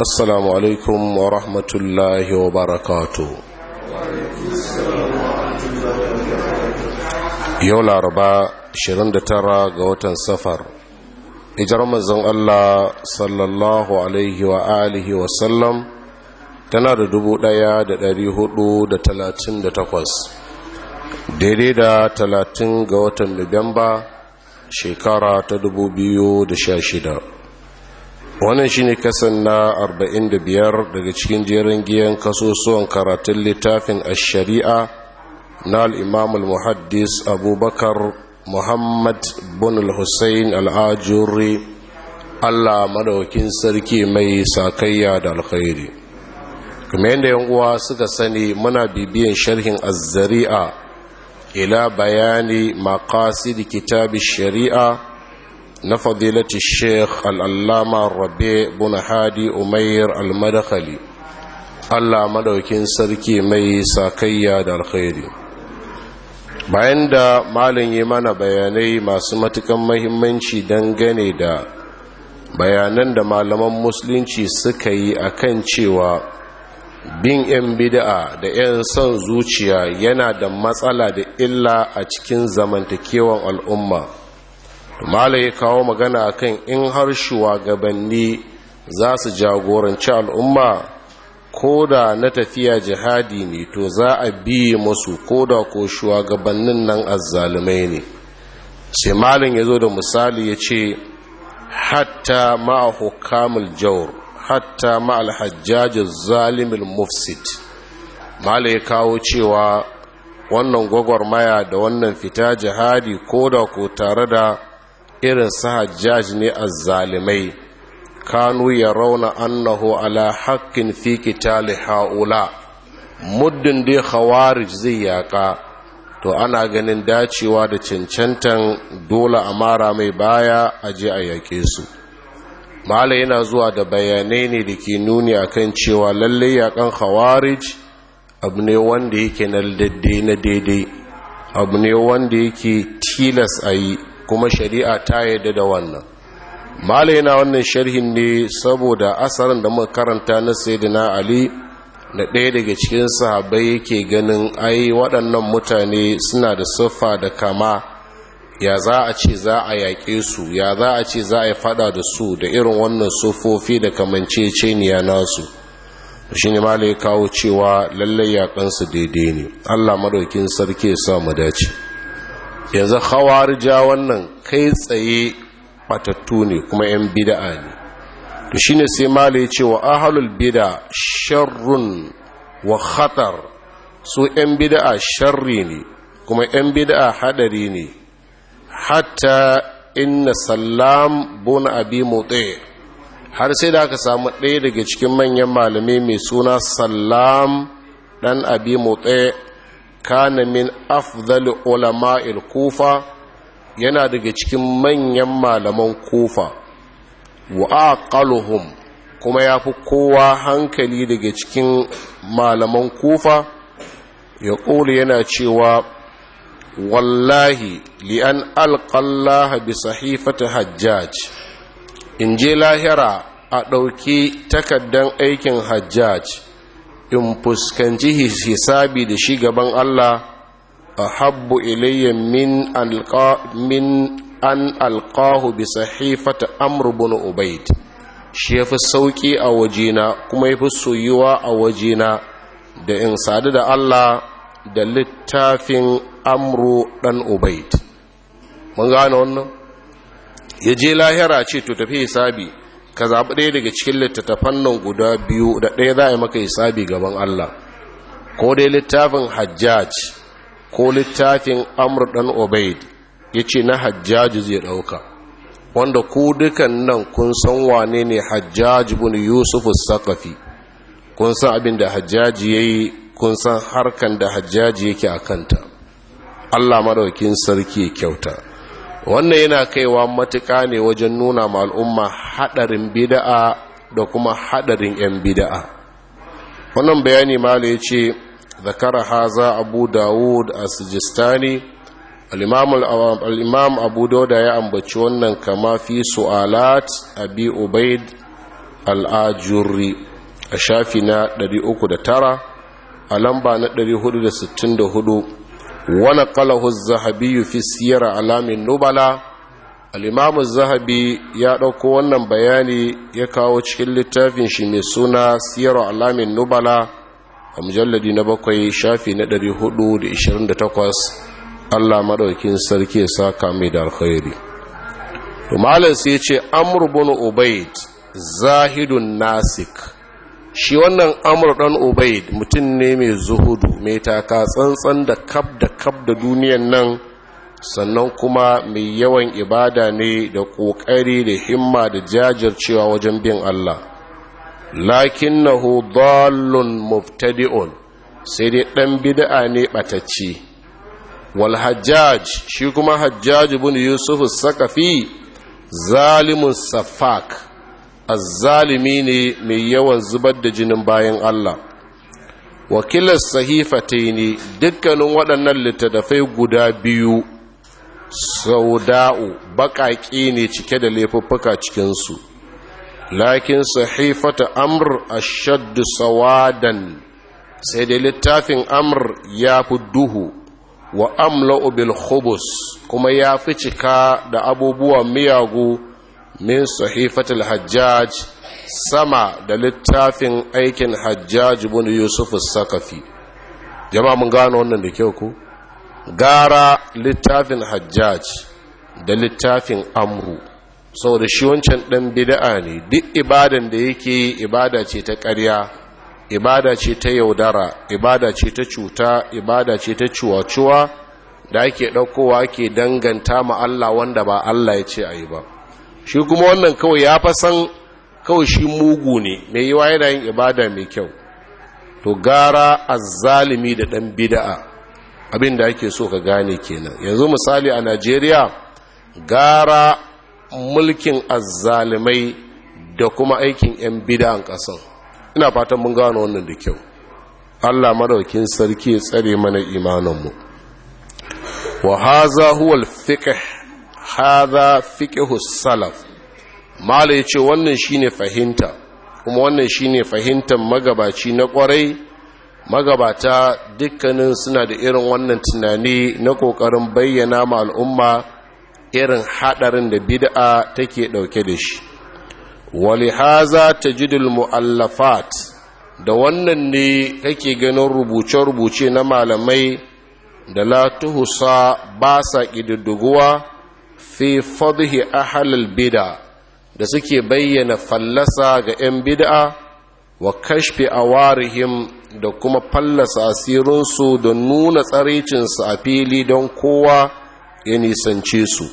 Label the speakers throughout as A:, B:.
A: assalamu alaikum wa rahmatullahi wa barakatu yau laraba tara ga watan safar ijar mazan Allah sallallahu alaihi wa alihi wa sallam tana da takwas, daidai da talatin ga watan nuwamba shekara ta da shida. wannan shi ne kasan na 45 daga cikin jerin giyan kasusuwan karatun littafin a sharia na al’imamul muhaddis abubakar muhammad bin al-husayn allah madaukin sarki mai sakayya da alkhairi kuma yadda yan uwa suka sani muna bibiyan sharhin azzari'a ila bayani makasi kitabin kitabin sharia na fadilati sheikh al'allama rabe buna hadi umair al-madakali allah madaukin sarki mai sakayya da alkhairi bayan da malin yi mana bayanai masu matukan mahimmanci dangane da bayanan da malaman musulunci suka yi a kan cewa bin 'yan bida'a da 'yan son zuciya yana da matsala da illa a cikin zamantakewan al'umma mala ya kawo magana kan in har shugabanni za su jagoranci al'umma ko da na tafiya jihadi ne to za a biye musu ko da ko shugabannin nan azzalumai ne sai malin ya zo da misali ya ce hatta ma'a hukamul jawar hatta ma'al alhajjajin zalimin mufsid mala ya kawo cewa wannan gwagwarmaya da wannan fita jihadi ko da ko tare da irin su hajjaj ne azzalimai kanu ya rauna annahu ala haƙƙin fi kitali ha'ula muddin dai khawarij zai yaƙa to ana ganin dacewa da cancantan dole a mara mai baya a je a yaƙe su mala yana zuwa da bayanai ne da ke nuni akan cewa lalle yaƙan khawarij abu ne wanda yake na daidai na daidai abu ne wanda yake tilas a yi kuma shari'a ta yadda da wannan malai yana wannan sharhin ne saboda asarin da muka karanta na sayyidina ali da ɗaya daga cikin sahabai yake ganin ai waɗannan mutane suna da siffa da kama ya za a ce za a yaƙe su ya za a ce za a yi faɗa da su da irin wannan sufofi da kamanceceniya nasu shi ne ma ya kawo cewa lallai yaƙansu daidai ne allah maɗaukin sarki ya sa mu dace yanzu hawarja wannan kai tsaye batattu ne kuma 'yan bida'a ne to ne sai ya ce wa ahalul bida sharrun wa khatar su 'yan bida'a sharri ne kuma 'yan bida'a hadari ne hatta inna salam bun abi mutse har sai da aka samu ɗaya daga cikin manyan malamai mai suna salam ɗan abi mutse kana min afdal ulama'il kufa yana daga cikin manyan malaman kufa wa aqaluhum kuma yafi kowa hankali daga cikin malaman kufa ya ƙuli yana cewa wallahi li'an alƙallaha bi sahifata hajjaj in je lahira a ɗauki takaddan aikin hajjaj in fuskanci hisabi da shi gaban Allah a habbu ilayya min an alƙahu bi sahifata amr bin ubaid shi ya fi sauƙi a wajena kuma ya fi soyuwa a wajena da in sadu da Allah da littafin amru ɗan ubaid mun gane wannan ya je lahira ce to tafi hisabi ka zaɓi ɗaya daga cikin littattafan nan guda biyu da ɗaya za a yi maka hisabi gaban Allah ko dai littafin hajjaj ko littafin amur ɗan obaid ya ce na hajjaji zai ɗauka wanda ku dukan nan kun san wane ne hajjaji bin yusuf sakafi kun san abin da hajjaji ya yi kun san harkan da hajjaji yake a kanta allah maɗaukin sarki kyauta wannan yana kaiwa matuƙa ne wajen nuna ma al'umma haɗarin bida'a da kuma haɗarin 'yan bida'a wannan bayani malu ya ce zakara haza abu dawud a sijistani al'imam abu dauda ya ambaci wannan kama fi su'alat abi ubaid al'ajuri a shafi na 309 a lamba na 464 wani الزهبي zahabi fi siyar alamin nubala الزهبي zahabi ya ɗauko wannan bayani ya kawo cikin littafin shi mai suna siyar alamin nubala a mujalladi na bakwai shafi na 428 allah maɗaukin sarki ya saka mai da alkhairi to malam sai ce amur bin ubayd zahidun nasik shi wannan amur ɗan obaid mutum ne mai zuhudu mai taka tsantsan da kab da kab da duniyan nan sannan kuma mai yawan ibada ne da ƙoƙari da himma da jajircewa wajen bin Allah lakin na hudallun muftadi'un sai dai ɗan bida'a ne ɓatacce wal shi kuma hajjaj bin yusuf sakafi zalimun safak azzalimi ne mai yawan zubar da jinin bayan Allah wakilar sahifatai ne dukkanin waɗannan littattafai guda biyu sauda'u baƙaƙe ne cike da laifuffuka cikinsu lakin sahifata amr ashaddu sawadan sai da littafin amr ya fi duhu wa Amla bil kuma ya fi cika da abubuwan miyagu min sahifatul hajjaj sama da littafin aikin hajjaj ibn yusuf sakafi jama'a mun gano wannan da kyau ko gara littafin hajjaj da littafin amru saboda shi wancan ɗan bida'a ne duk ibadan da yake yi ibada ce ta ƙarya ibada ce ta yaudara ibada ce ta cuta ibada ce ta cuwa-cuwa da ake ɗaukowa ke danganta ma Allah wanda ba Allah ya ce a yi ba shi kuma wannan kawai ya fa san kawai shi mugu ne mai yiwa yana yin ibada mai kyau to gara zalimi da ɗan bida'a abin da ake so ka gane kenan yanzu misali a Najeriya gara mulkin azzalimai da kuma aikin yan bida'an kasan ina fatan mun gano wannan da kyau Allah madaukin sarki ya tsare mana imanin mu wa haza huwa al-fiqh haza fiqhu salaf mala ce wannan shine fahimta kuma wannan shine fahimtar magabaci na ƙwarai magabata dukkanin suna da irin wannan tunani na ƙoƙarin bayyana ma al'umma irin haɗarin da bid'a take ɗauke da shi walihaza tajidul muallafat da wannan ne kake ganin rubuce-rubuce na malamai da latuhusa ba sa ƙididduguwa fi fadhi ahlul bid'a da suke bayyana fallasa ga 'yan bid'a wa kashfi awarihim da kuma fallasa su da nuna tsaricinsu a fili don kowa ya nisance su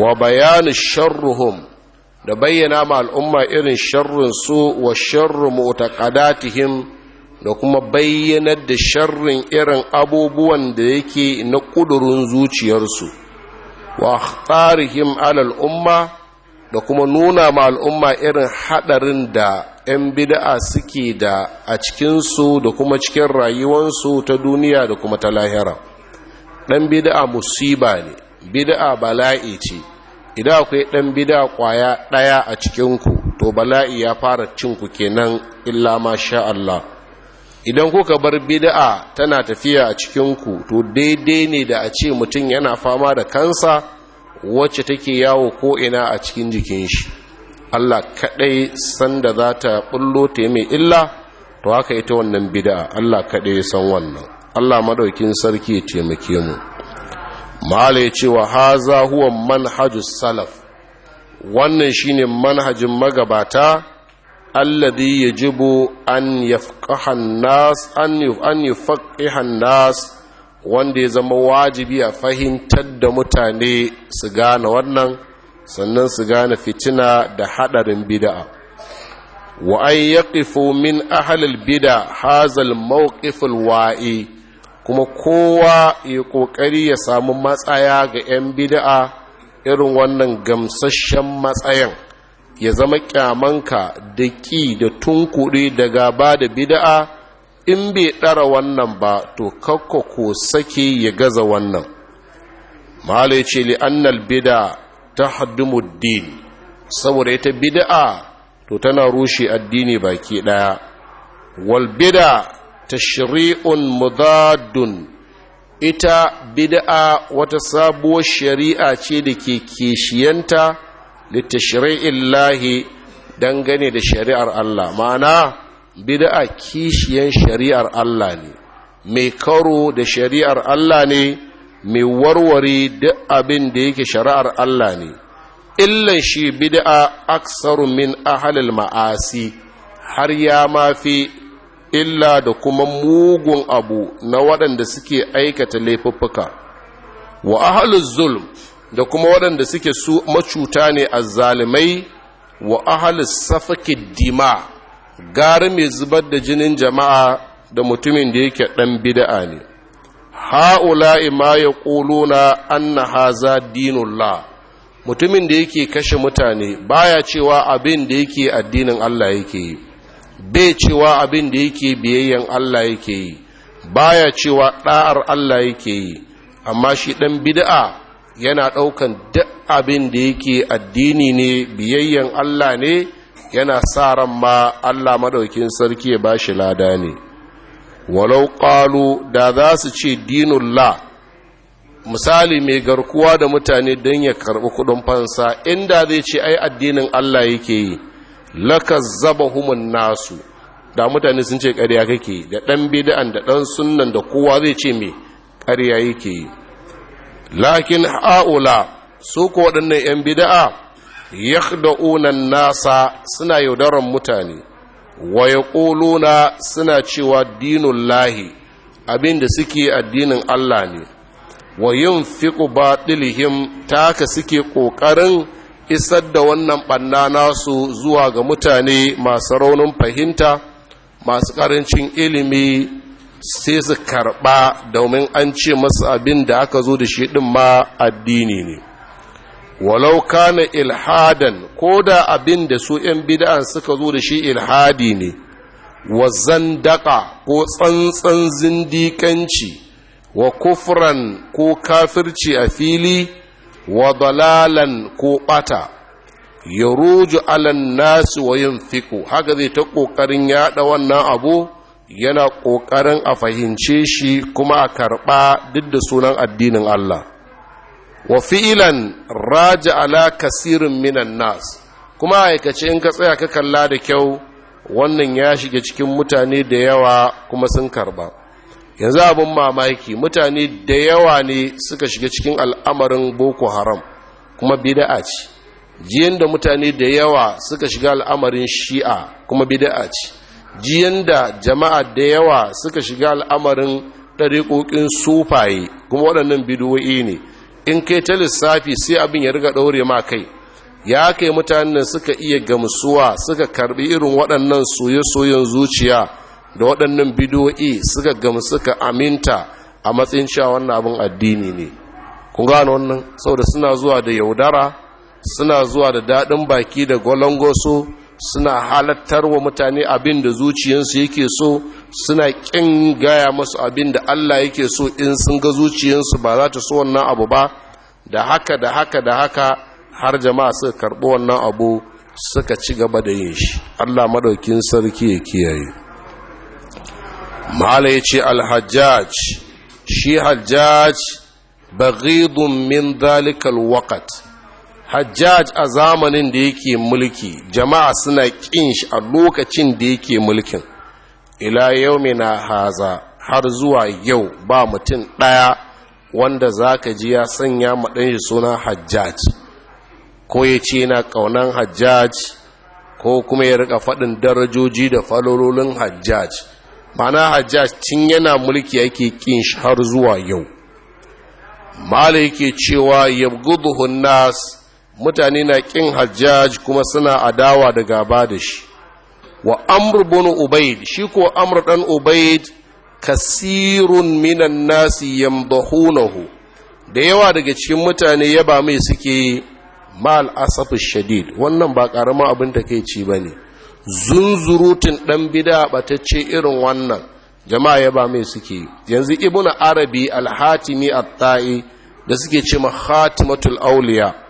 A: wa bayani sharruhum da bayyana ma al'umma irin sharrin su wa sharru mutaqadatihim da kuma bayyanar da sharrin irin abubuwan da yake na ƙudurin zuciyarsu wa akhtarihim alal umma da kuma nuna ma al'umma irin hadarin da 'yan bida'a suke da a cikinsu da kuma cikin rayuwansu ta duniya da kuma ta lahira ɗan bida'a musiba ne bida'a bala'i ce idan akwai ɗan bida'a ƙwaya ɗaya a cikinku to bala'i ya fara cinku kenan illa ma Allah idan kuka bar bida'a tana tafiya a cikinku to daidai ne da a ce mutum yana fama da kansa wacce take yawo ko'ina a cikin jikin shi Allah kaɗai sanda za ta ɓullo ta mai illa to haka ita wannan bida'a, Allah kaɗai san wannan Allah maɗaukin sarki ya taimake mu mala ya ce wa haza huwa manhajus salaf wannan shine manhajin magabata alladhi yajibu an yafqaha nas an an yafqaha nas wanda ya zama wajibi a fahimtar da mutane su gane wannan sannan su gane fitina da hadarin bid'a wa ay yaqifu min ahli al-bid'a hazal al-mawqif al-wa'i kuma kowa ya kokari ya samu matsaya ga 'yan bid'a irin wannan gamsashen matsayin ya zama kyamanka da ƙi da tunkuɗi da gaba da bida'a in bai ɗara wannan ba to kakko ko sake ya gaza wannan mahala ce li'annal bida ta muddin. saboda ita bida'a to tana rushe addini baki ɗaya wal bida ta shari'un mudadun ita bida'a wata sabuwar shari'a ce da ke kishiyanta. litashri'illahi dangane da shari'ar Allah ma'ana bid'a kishiyan shari'ar Allah ne mai karo da shari'ar Allah ne mai warware duk abin da yake shari'ar Allah ne illan shi bida'a aksaru min ahlil ma'asi har ya mafi illa da kuma mugun abu na waɗanda suke aikata laifuffuka wa ahalul zulm da kuma waɗanda suke su macuta ne a zalimai wa ahalis safaki dima gari mai zubar da jinin jama'a da mutumin da yake ɗan bida'a ne haula ima ya ƙuluna na haza dinullah mutumin da yake kashe mutane baya cewa abin da yake addinin Allah yake yi bai cewa abin da yake biyayyen Allah yake yi baya cewa ɗa'ar Allah yake yi amma shi ɗan bida'a. yana ɗaukan duk abin da yake addini ne biyayyen Allah ne yana sa ran ma Allah maɗaukin sarki ya ba shi lada ne walau ƙalu da za su ce dinullah misali mai garkuwa da mutane don ya karɓi kuɗin fansa inda zai ce ai addinin Allah yake yi lakas zaba humun nasu da mutane sun ce ƙarya kake da ɗan bidan da ɗan sunnan da kowa zai ce mai ƙarya yake yi lakin ha'ula su ko waɗannan 'yan bida'a yakhda'una nasa suna yaudaran mutane wa yaquluna suna cewa dinullahi da suke addinin Allah ne wa yunfiqu batilihim taka suke ƙoƙarin isar da wannan banna nasu zuwa ga mutane masu raunin fahimta masu ƙarancin ilimi sai su karɓa domin an ce masu abin da aka zo da shi ɗin ma addini ne walau kana ilhadan ko da abin da su 'yan bid'an suka zo da shi ilhadi ne wa zandaka ko tsantsan zindikanci wa kufran ko kafirci a fili wa dalalan ko ɓata ya roju alan nasu wa yin fiko haka zai ta ƙoƙarin yaɗa wannan abu yana ƙoƙarin a fahimce shi kuma a karɓa duk da sunan addinin Allah wa fi'ilan raja ala kasirin minan nas kuma aikace in ka tsaya ka kalla da kyau wannan ya shiga cikin mutane da yawa kuma sun karɓa yanzu abin mamaki mutane da yawa ne suka shiga cikin al'amarin boko haram kuma bida'a ce jiyan da mutane da yawa suka shiga al'amarin shi'a kuma bida'a ce jiyan da jama'a da yawa suka shiga al'amarin ɗariƙoƙin sufaye kuma waɗannan bidowai ne in kai ta lissafi sai abin ya riga ɗaure ma kai ya kai mutanen suka iya gamsuwa suka karbi irin waɗannan soye-soyen zuciya da waɗannan bidowai suka gamsu ka aminta a matsayin cewa wannan abin addini ne kun gano wannan saboda suna zuwa da yaudara suna zuwa da daɗin baki da gwalangwaso suna halattar wa mutane abin da zuciyarsu yake so suna ƙin gaya masu abin da Allah yake so in sun ga zuciyarsu ba za ta so wannan abu ba da haka da haka da haka har jama'a suka karɓi wannan abu suka ci gaba da yin shi Allah madaukin sarki ya kiyaye mahala ya ce alhajjaj shi hajjaj baghidun min zalikal waqt hajjaj a zamanin da yake mulki jama'a suna ƙin shi a lokacin da yake mulkin ila yau na haza har zuwa yau ba mutum ɗaya wanda za ka ji ya sanya maɗan shi suna hajjaj ko ya ce na ƙaunan hajjaj ko kuma ya rika faɗin darajoji da falololin hajjaj mana hajjaj tun yana mulki yake ƙin shi har zuwa yau mala yake cewa yabguduhun nas mutane na ƙin hajjaj kuma suna adawa da gaba da shi wa amru bin ubaid shi ko amru dan ubaid kasirun minan nasi yamdahunahu da yawa daga cikin mutane yaba mai suke mal asafu shadid wannan ba karama abin da kai ci bane zunzurutun dan bid'a batacce irin wannan jama'a yaba mai suke yanzu ibnu arabi al-hatimi at-ta'i da suke ce ma khatimatul awliya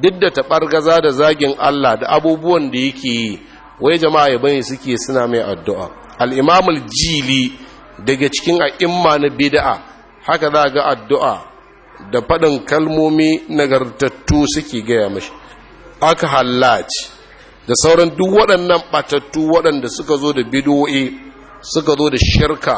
A: duk da taɓargaza da zagin Allah da abubuwan da yake yi wai jama'a ya bayi suke suna mai addu'a al'imamul jili daga cikin a'imma na bida'a haka za ga addu'a da faɗin kalmomi nagartattu suke gaya mashi aka hallaci da sauran duk waɗannan ɓatattu waɗanda suka zo da bidoe suka zo da shirka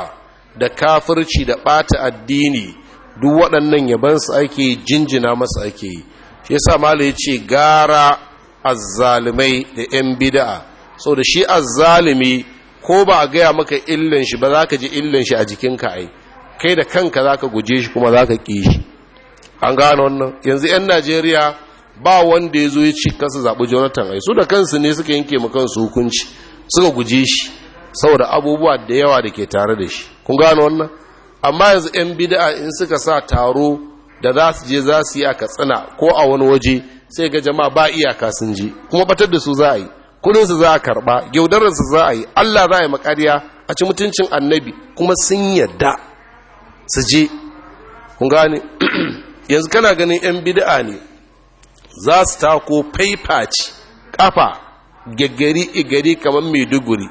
A: da kafirci da ɓata addini duk waɗannan yabansu ake jinjina masu ake yi shi yasa malai ce gara azzalimai da yan bidaa so da shi azzalimi ko ba a gaya maka illan shi ba za ka ji illin shi a jikinka ai kai da kanka za ka guje shi kuma za ka ƙi shi an gano wannan yanzu 'yan najeriya ba wanda ya zo ya ci kansu zaɓi jonathan ai su da kansu ne suka yanke ma kansu hukunci suka guje shi saboda abubuwa da yawa da ke tare da shi kun gano wannan amma yanzu 'yan bida'a in suka sa taro da za su je za su yi a katsina ko a wani waje sai ga jama'a ba iyaka sun je kuma batar da su za a yi kudin su za a karba yaudarar su za a yi Allah za a yi makariya a ci mutuncin annabi kuma sun yadda su je kun gane yanzu kana ganin yan bid'a ne za su tako faifaci kafa gaggari igari kamar maiduguri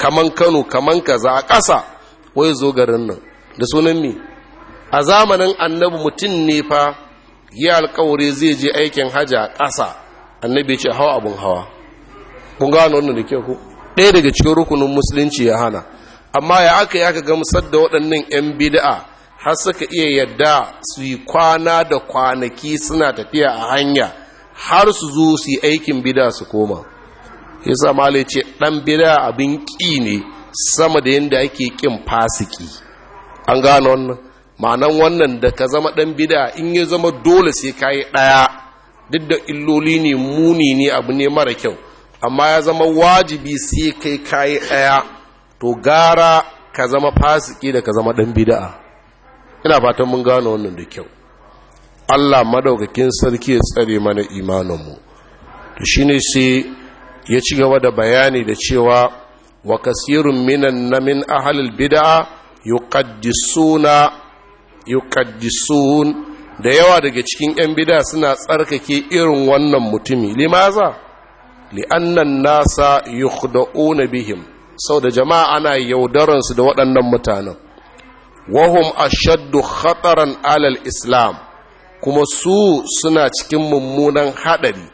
A: kamar kano kamar kaza a ƙasa wai zo garin nan da sunan me a zamanin annabi mutum ne fa yi alkawari zai je aikin hajji a ƙasa annabi ce hawa abin hawa kun gano wannan da ke ku ɗaya daga cikin rukunin musulunci ya hana amma ya aka yi aka gamsar da waɗannan 'yan bida'a har suka iya yadda su yi kwana da kwanaki suna tafiya a hanya har su zo su yi aikin bida su koma yasa malai ce ɗan bida abin ƙi ne sama da yadda ake ƙin fasiki an gano wannan ma'anan wannan da ka zama ɗan bida in ya zama dole sai ka yi ɗaya duk da illoli ne muni ne abu ne mara kyau amma ya zama wajibi sai kai ka yi ɗaya to gara ka zama fasiki da ka zama ɗan bida'a ina fatan mun gano wannan da kyau Allah maɗaukakin sarki ya tsare mana imaninmu to ne sai ya ci gaba da bayani da cewa wa kasirun minan na min ahlil kaddi yuqaddisuna yukaddisun da yawa daga cikin yan bida suna tsarkake irin wannan mutumi limaza li'annan nasa yukhda'una bihim sau da jama'a ana yaudaran su da waɗannan mutanen wahum ashaddu khataran alal islam kuma su suna cikin mummunan haɗari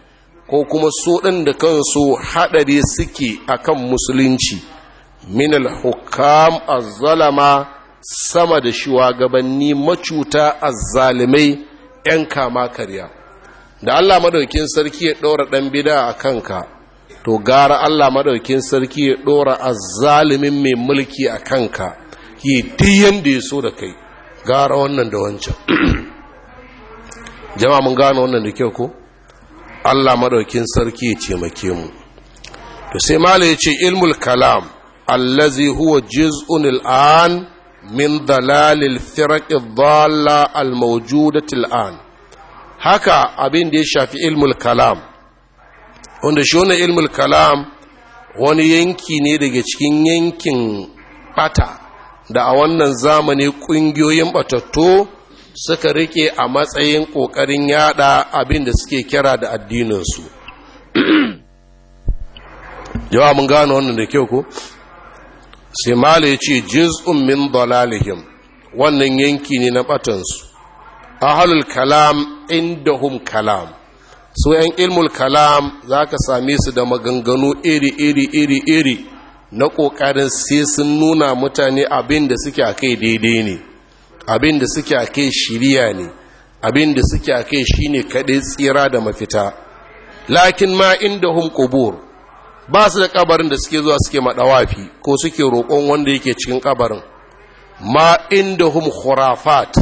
A: ko kuma su ɗin da kansu haɗari suke akan musulunci min al-hukam az-zalama sama da shugabanni macuta a zalimai 'yan kama karya da Allah madaukin sarki ya ɗora ɗan bida a kanka to gara Allah madaukin sarki ya ɗora zalimin mai mulki a kanka yi diyan da ya so da kai gara wannan da wancan Jama mun gano wannan da kyau ko Allah madaukin sarki ya ce make mu to sai mala ya ce ilmul kalam allazi huwa juz'un al'an min dalalil firaq ad al-mawjudati al-an haka abin da ya shafi ilmul kalam wanda shi wannan ilmul kalam wani yanki ne daga cikin yankin bata da a wannan zamani kungiyoyin batattu suka rike a matsayin kokarin yada abin da suke kira da addininsu yawa mun gano wannan da kyau ko sai mala ya ce jiz'un min dalalihim wannan yanki ne na batansu ahalul kalam indahum kalam su yan ilmul kalam za ka same su da maganganu iri iri iri iri na ƙoƙarin sai sun nuna mutane abin da suke a kai daidai ne abin da suke a kai shiriya ne abin da suke a kai shi ne kaɗai tsira da mafita lakin ma indahum ƙubur ba su da kabarin da suke zuwa suke maɗawafi ko suke roƙon wanda yake cikin kabarin ma inda hum khurafat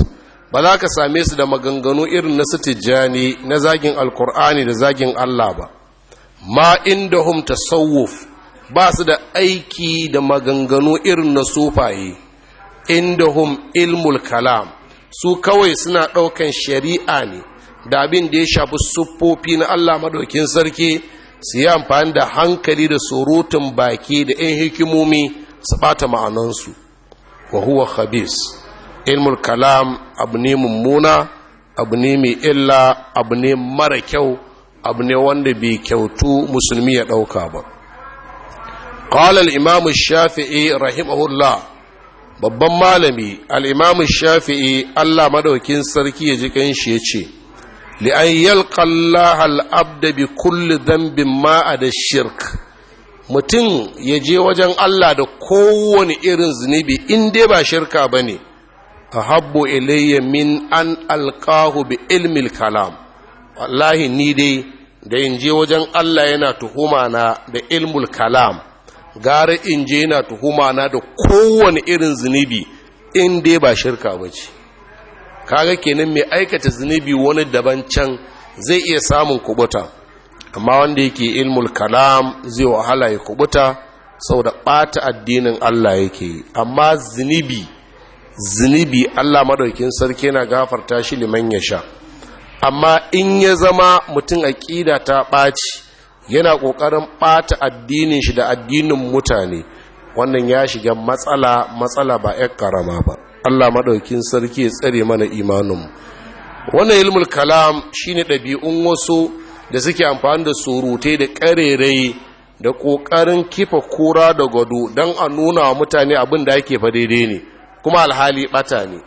A: ba za ka same su da maganganu irin na su tijjani na zagin alkur'ani da zagin allah ba ma inda hum tasawuf ba su da aiki da maganganu irin na sufaye inda hum ilmul kalam su kawai suna ɗaukan shari'a ne da abin da ya shafi siffofi na allah maɗaukin sarki su yi amfani da hankali da surutun baki da 'yan hikimomi su bata ma'anansu wa huwa khabis ilmul kalam abu ne mummuna abu ne mai illa abu ne mara kyau abu ne wanda bai kyautu musulmi ya ɗauka ba قال imamu shafi'i rahimahullah babban malami al'imamu shafi'i Allah madaukin sarki ya ji shi ya ce li'an yalqa Allah al'abda bi kulli dhanbin ma da shirk mutum ya je wajen Allah da kowane irin zunubi in dai ba shirka bane, ne a habbo ilayya min an alkahu bi ilmil kalam wallahi ni dai da in je wajen Allah yana tuhuma na da ilmul kalam gara in je yana tuhuma na da kowane irin zunubi in dai ba shirka ba ce kaga kenan mai aikata zunubi wani daban can zai iya samun kubuta amma wanda yake ilmul kalam zai wahala ya kubuta sau da ɓata addinin Allah yake yi amma zunubi zunubi Allah madaukin sarki yana gafarta shi liman ya sha amma in ya zama mutum aqida ta ɓaci yana ƙoƙarin ɓata addinin shi da addinin mutane wannan ya shiga matsala matsala ba ya karama ba Allah madaukin sarki ya tsare mana imanin wannan ilmul kalam shine ɗabi'un wasu da suke amfani da surutai da ƙarerai da ƙoƙarin kifa kura da gado don a nuna wa mutane abin da ake fa daidai ne kuma alhali bata ne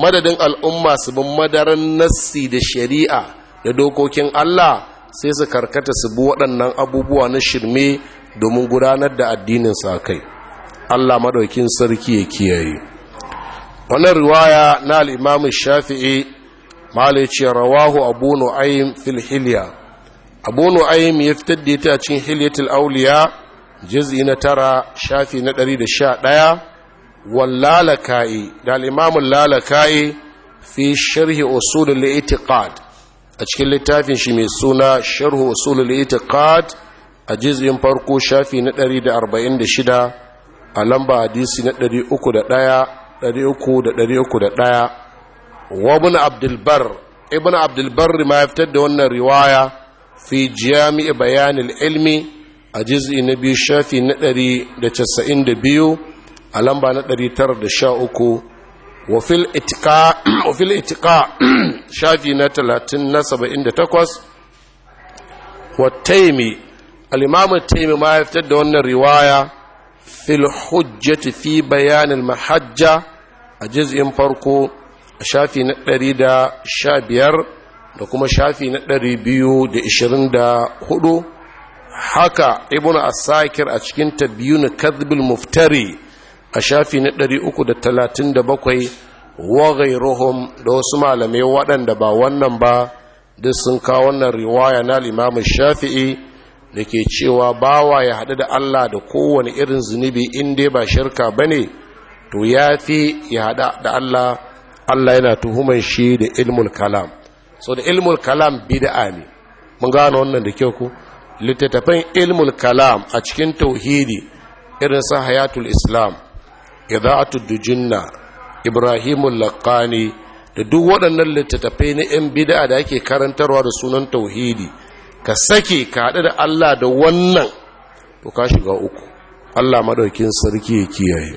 A: madadin al'umma su bin madaran nassi da shari'a da dokokin Allah sai su karkata su bi waɗannan abubuwa na shirme domin gudanar da addinin sa kai Allah maɗaukin sarki ya kiyaye wannan riwaya na al'imamu shafi'i malice rawahu abu nu'aym fil hilya abu nu'aym ya fitar da ita cikin hilyatul auliya juz'i na tara shafi na 111 lalaka'i da al'imamu lalaka'i fi sharhi usulul itiqad a cikin littafin shi mai suna sharhu usulul itiqad a juz'in farko shafi na ɗari da da arba'in shida. a lamba hadisi na 301 ɗaya wa ibn abdulbar ibn abdulbar ma ya fitar da wannan riwaya fi jami'i bayanil ilmi a jiz'i na biyu shafi na 192 a lamba na 913 wa fil itika shafi na 30 na 78 wa taimi al'imamun taimi ma ya fitar da wannan riwaya fil hujjati fi bayanin mahajja a jiz'in farko a shafi na ɗari da sha biyar da kuma shafi na ɗari biyu da ishirin da hudu haka ibn asakir a cikin tabiyun kadhibul muftari a shafi na ɗari uku da talatin da bakwai wa ghairuhum da wasu malamai waɗanda ba wannan ba duk sun kawo wannan riwaya na limamin shafi'i da ke cewa bawa ya haɗu da Allah da kowane irin zunubi in dai ba shirka ba ne to ya fi ya haɗa da Allah Allah yana tuhumar shi da ilmul kalam so da ilmul kalam bida'a ne mun gano wannan da kyau ku littattafan ilmul kalam a cikin tauhidi irin sa hayatul islam idaatul dujinna ibrahimul laqani da duk waɗannan littattafai na 'yan bid'a da ake karantarwa da sunan tauhidi ka sake ka haɗu da Allah da wannan to ka shiga uku Allah maɗaukin sarki ya kiyaye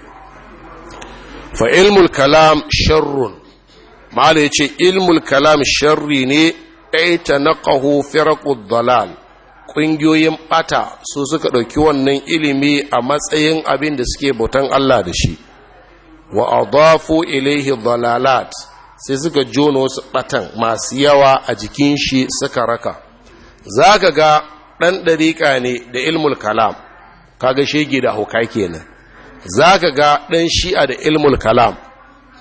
A: fa ilmul kalam sharrun mala ya ce ilmul kalam sharri ne ɗaita na ƙaho firakud dalal ƙungiyoyin ɓata su suka ɗauki wannan ilimi a matsayin abin da suke bautan Allah da shi wa adafu ilaihi dalalat sai suka jona wasu ɓatan masu yawa a jikin shi suka raka za ka ga ɗan ɗariƙa ne da ilmul kalam ga shege da hauka kenan za ka ga ɗan shi'a da ilmul kalam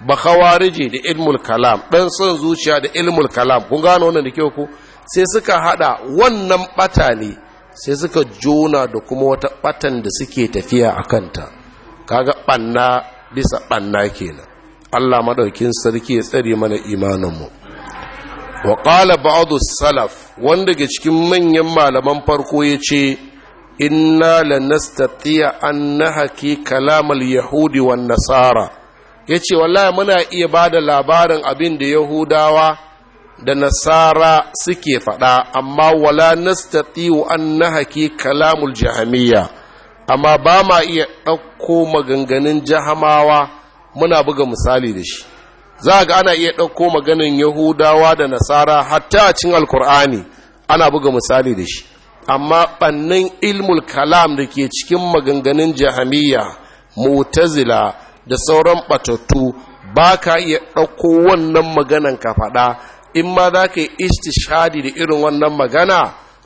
A: ba da ilmul kalam ɗan son zuciya da ilmul kalam kun gano wannan da kyau ku sai suka haɗa wannan ɓata ne sai suka jona da kuma wata ɓatan da suke tafiya a kanta Ka ga ɓanna bisa ɓanna kenan allah maɗaukin sarki ya tsare mana imaninmu wa ƙala ba'adu salaf wanda ga cikin manyan malaman farko ya ce inna la nastatiya an haƙi kalamal yahudi wa nasara ya ce wallahi muna iya ba da labarin abin da yahudawa da nasara suke faɗa amma wala nastatiya an haƙi kalamul amma ba ma iya ɗauko maganganun jahamawa muna buga misali da shi za ga ana iya ɗauko maganin yahudawa da nasara hatta a cikin alkur'ani ana buga misali da shi amma ɓannin ilmul kalam da ke cikin maganganun jahamiya mutazila da sauran ɓatattu ba ka iya ɗauko wannan maganan ka faɗa in ma za ka yi istishadi da irin wannan magana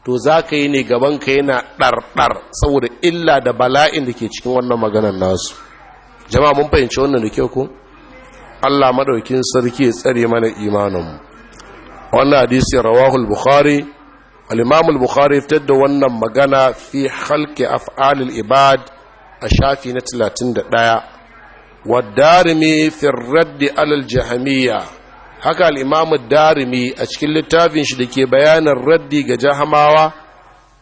A: to za ka yi ne ka yana ɗarɗar saboda illa da bala'in da ke cikin wannan maganan nasu jama'a mun fahimci wannan da kyau ko Allah madaukin sarki ya tsare mana imaninmu wannan hadisi rawahul bukhari al-imam bukhari fitar da wannan magana fi halki af'alil ibad a shafi na 31 wadarimi fi raddi alal jahamiyya haka al-imam darimi a cikin littafin shi dake bayanin raddi ga jahamawa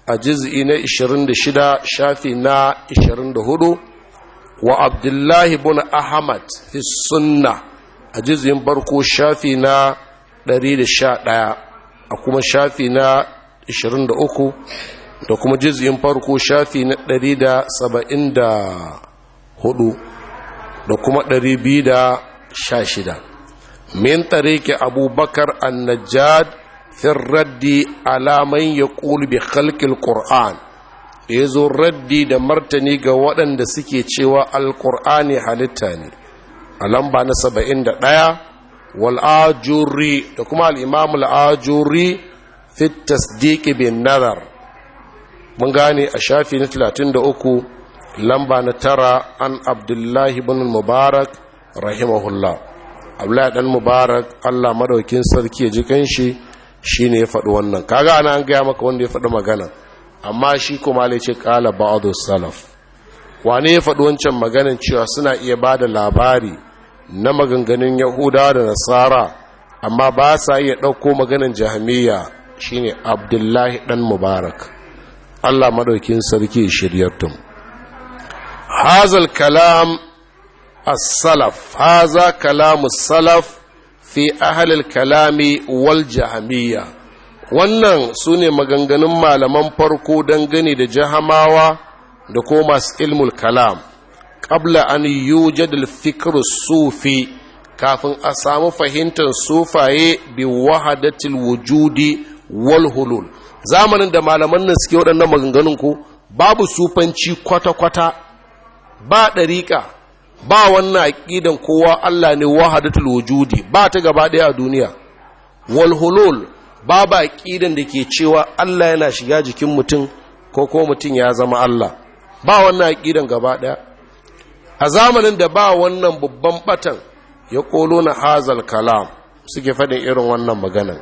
A: a juz'i na 26 shafi na 24 wa abdullahi ibn ahmad fi sunnah a jizgin barko shafi na 111 a kuma shafi na 23 da kuma jizyin farko shafi na 174 da kuma 216 min tariki abubakar annajad fin raddi alamai ya bi khalqil qur'an ya zo raddi da martani ga waɗanda suke cewa alkur'ani halitta ne a lamba na saba'in da ɗaya wal'ajuri da kuma al'imamul ajuri fit tasdiki bin nazar mun gane a shafi na talatin da uku lamba na tara an abdullahi bin mubarak rahimahullah abdullahi dan mubarak allah madaukin sarki ya ji kanshi shi ne ya faɗi wannan kaga ana an gaya maka wanda ya faɗi magana amma shi kuma ce kala ba'adu salaf wane ya faɗi wancan maganin cewa suna iya ba da labari na maganganun yahuda da nasara amma ba sa iya ɗauko maganin jahamiya shine abdullahi ɗan mubarak allah maɗaukin sarki shiryattun hazal kalam as-salaf haza kalamu salaf fi ahalil kalami wal jahamiya wannan su ne maganganun malaman farko dangane da jahamawa da ko masu ilmul kalam ƙabla an yi jadal fikir sufi kafin a samu fahimtar sufaye bi wahadatil wujudi wal zamanin da malaman nan suke waɗannan maganganun ko babu sufanci kwata-kwata ba ɗariƙa ba wannan aƙidan kowa Allah ne wahadatul wujudi ba ta gaba ɗaya a duniya walhulul ba ba aƙidan da ke cewa Allah yana shiga jikin mutum ko ko mutum ya zama Allah ba wannan aƙidan gaba ɗaya a zamanin da ba wannan babban batan ya ƙolo na hazal kalam suke faɗin irin wannan maganan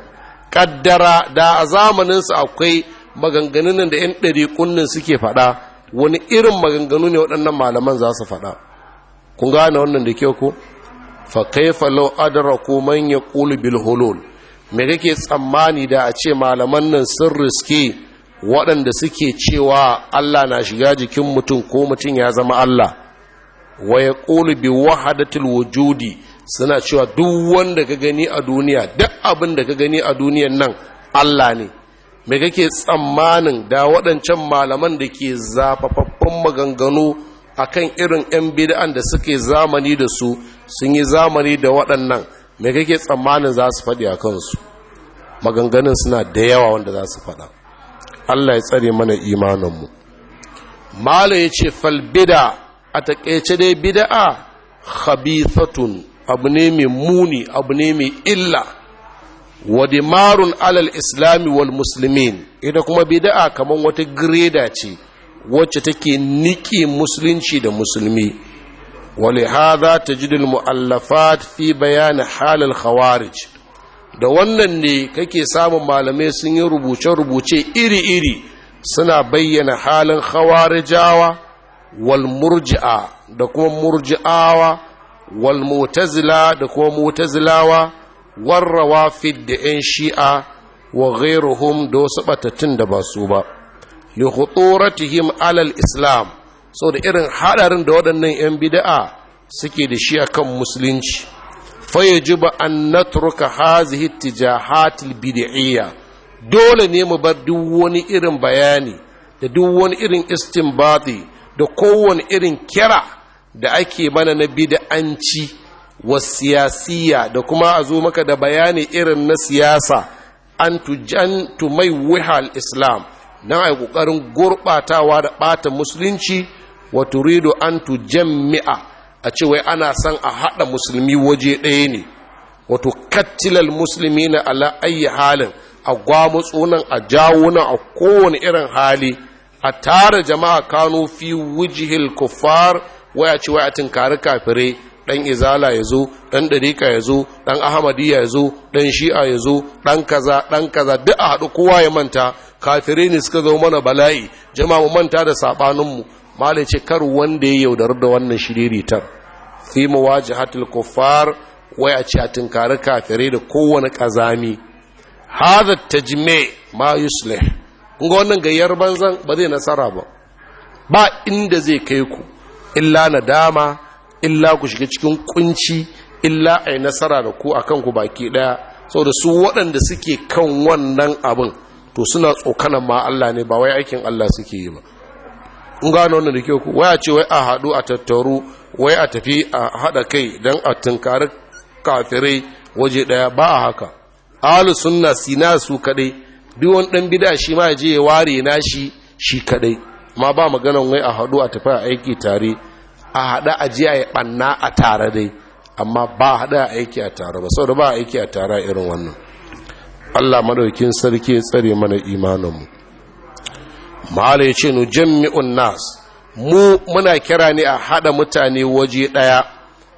A: ƙaddara da a zamaninsu akwai maganganun da 'yan ɗari kunnin suke faɗa wani irin maganganu ne waɗannan malaman za su faɗa kun gane wannan da kyau ko fa kaifa law adraku man yaqulu bil hulul me kake tsammani da a ce malaman nan sun riske waɗanda suke cewa Allah na shiga jikin mutum ko mutum ya zama Allah wa ya bi wahadatul wujudi suna cewa duk wanda ka gani a duniya duk abin da ka gani a duniyan nan Allah ne me kake tsammanin da waɗancan malaman da ke zafafaffun maganganu akan irin 'yan bid'an da suke zamani da su sun yi zamani da waɗannan me kake tsammanin za su faɗi a kansu maganganun suna da yawa wanda za su faɗa Allah ya tsare mana imaninmu Malam ya ce falbida a taƙaice dai bida'a khabithatun abu ne mai muni abu ne mai illa wadimarun alal islami wal muslimin ita kuma bida'a kamar wata greda ce wacce take niƙe musulunci da musulmi ولهذا تجد المؤلفات في بيان حال khawarij da wannan ne kake samun malamai sun yi rubuce-rubuce iri-iri suna bayyana halin hawarijawa wal murji'a da kuma murji'awa wal mutazila da kuma mutazilawa warrawa fid da 'yan shi'a wa ghairuhum da wasu batattun da ba su ba li khuturatihim alal islam so da irin hadarin da waɗannan 'yan bida'a suke da shi kan musulunci fayaji ba an na turka hazihi tijahatil bid'iyya dole ne mu bar duk wani irin bayani da duk wani irin istinbati da kowane irin kira da ake mana na bid'anci wa siyasiya da kuma a zo maka da bayani irin na siyasa an tujan tumai wihal islam nan a ƙoƙarin gurɓatawa da ɓata musulunci wa turido an tujammi'a a ce wai ana son a haɗa musulmi waje ɗaya ne wato kattilal musulmi na ala ayi halin a gwamutsu nan a jawo nan a kowane irin hali a tara jama'a kano fi wujihil kuffar a ce waya tinkari kafirai dan izala ya zo dan ɗarika ya zo dan ahmadiyya ya zo dan shi'a ya zo dan kaza dan kaza duk a haɗu kowa ya manta kafirai ne suka zo mana bala'i jama'a mu manta da saɓaninmu mala ce kar wanda ya yaudar da wannan shiriritar fi muwajihatul kufar wai a ce a tunkari kafirai da kowane kazami ta jime ma yuslih ga wannan gayyar banzan ba zai nasara ba ba inda zai kai ku illa nadama illa ku shiga cikin kunci illa yi nasara da ku a kanku baki daya da su waɗanda suke kan wannan abin to suna tsokanan ma Allah ne ba wai aikin Allah suke yi ba in gano wannan da kyau ku waya ce wai a haɗu a tattaru wai a tafi a haɗa kai don a tunkari kafirai waje ɗaya ba a haka ahlu sunna sina su kaɗai duk wani ɗan bida shi ma je ya ware na shi shi kaɗai ma ba maganan wai a haɗu a tafi a aiki tare a haɗa a je a yi ɓanna a tare dai amma ba a haɗa a aiki a tare ba saboda ba a aiki a tare irin wannan Allah madaukin sarki ya tsare mana imaninmu malai ce nu jami'un nas mu muna kira ne a haɗa mutane waje ɗaya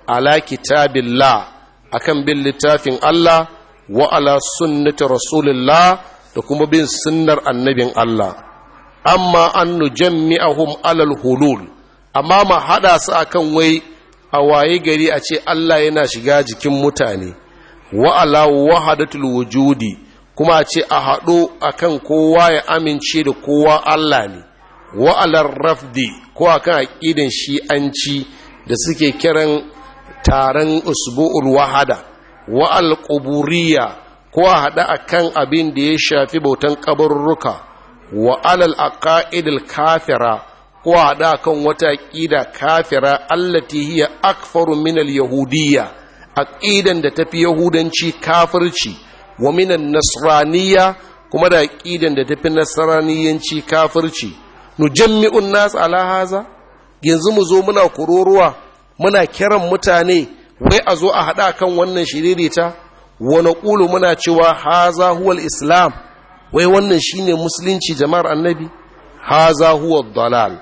A: ala kitabillah akan bin littafin Allah wa ala sunnati rasulillah da kuma bin sunnar annabin Allah amma an nu jami'ahum alal hulul amma ma haɗa su akan wai a waye gari a ce Allah yana shiga jikin mutane wa ala wahadatul wujudi kuma ce a haɗo a kan kowa ya amince da kowa Allah ne wa'alar rafdi ko a kan aƙidan shi'anci da suke kiran taron usbu'ul wahada wa'al ƙuburiya ko a haɗu a kan abin da ya shafi bautan ƙabarruka a ƙa’idil kafira ko a haɗu a kan wata aƙida kafira allati hiya akfaru minal yahudiyya aƙidan da tafi yahudanci kafirci wa minan nasraniya kuma da aqidan da tafi nasraniyanci kafirci nujammi'un nas ala haza yanzu mu zo muna kururuwa muna kiran mutane wai a zo a hada kan wannan shiririta wa naqulu muna cewa haza huwal islam wai wannan shine musulunci jama'ar annabi haza huwa dalal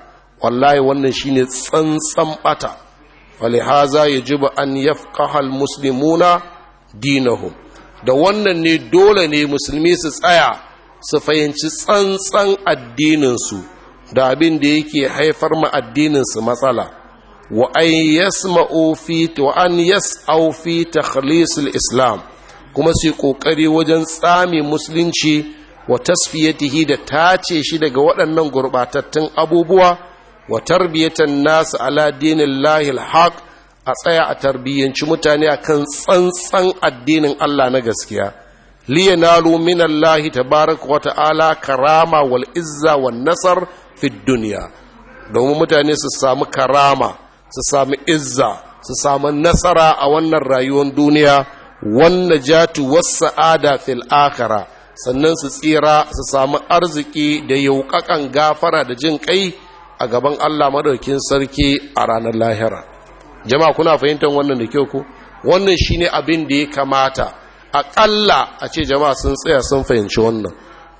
A: wallahi wannan shine tsantsan bata wali haza yajibu an yafqaha al muslimuna dinahum da wannan ne dole ne musulmi su tsaya su fahimci tsantsan addininsu da abin da yake haifar ma addininsu matsala wa an yasma'u fi wa an yas'au fi takhlisul islam kuma su kokari wajen tsami musulunci wa tasfiyatihi da tace shi daga waɗannan gurbatattun abubuwa wa tarbiyatan nasu ala dinin lahil haq a tsaya a tarbiyyanci mutane akan tsantsan addinin Allah na gaskiya liyanalu minallahi tabaraka wa ta'ala karama wal izza wan nasar fi dunya domin mutane su sami karama su samu izza su samu nasara a wannan rayuwar duniya wannan jatu wasu sa'ada fil akhirah sannan su tsira su samu arziki da yaukakan gafara da jin kai a gaban Allah madaukin sarki a ranar lahira jama'a kuna fahimtar wannan da kyau ko wannan shine abin da ya kamata aƙalla a ce jama'a sun tsaya sun fahimci wannan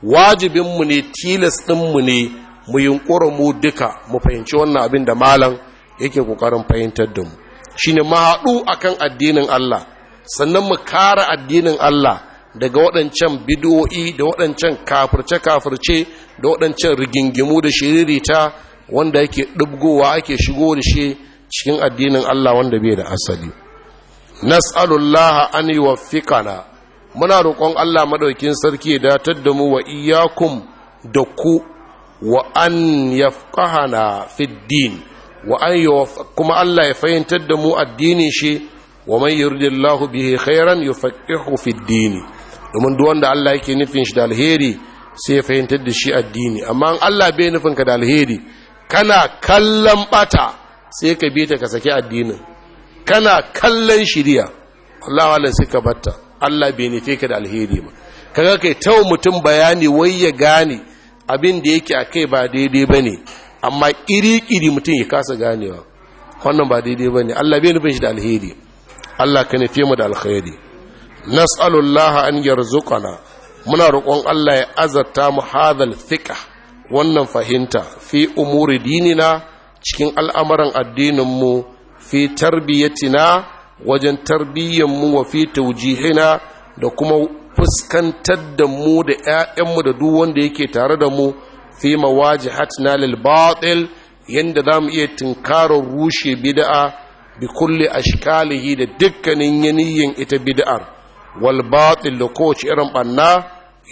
A: wajibinmu ne tilas mu ne mu yunƙura mu duka mu fahimci wannan abin da malam yake kokarin fahimtar da mu shine mu haɗu akan addinin Allah sannan mu kare addinin Allah daga waɗancan bid'o'i da waɗancan kafirce-kafirce da waɗancan rigingimu da shiririta wanda yake ɗubgowa ake shigo da shi cikin addinin Allah wanda bai da asali nas'alullaha an yuwaffiqana muna roƙon Allah madaukin sarki ya datar da mu wa iyyakum da ku wa an yafqahana fid din wa an kuma Allah ya fahimtar da mu addinin shi wa man yuridillahu bihi khairan yufaqihu fid din domin duk wanda Allah yake nufin shi da alheri sai ya fahimtar da shi addini amma Allah bai nufin ka da alheri kana kallon ɓata. sai ka bi ta ka saki addinin kana kallon shiriya Allah wala sai ka batta Allah bai nufe ka da alheri ba kaga kai ta mutum bayani wai ya gane abin da yake akai ba daidai bane amma iri-iri mutum ya kasa ganewa wannan ba daidai bane Allah bai nufin shi da alheri Allah ka nufe mu da alkhairi nas'alullah an yarzuqana muna roƙon Allah ya azarta mu hadal fiqh wannan fahimta fi umuri dinina cikin al'amuran addininmu fi tarbiyyatina wajen tarbiyyanmu wa fi taujihina da kuma fuskantar da mu da ‘ya'yanmu da duk wanda yake tare da mu fi mawaji hatina lalbaɗil yadda za mu iya tunkarar rushe bida'a bi kulle a shikalihi da dukkanin yaniyin ita bida'ar walbaɗil da kowace irin ɓanna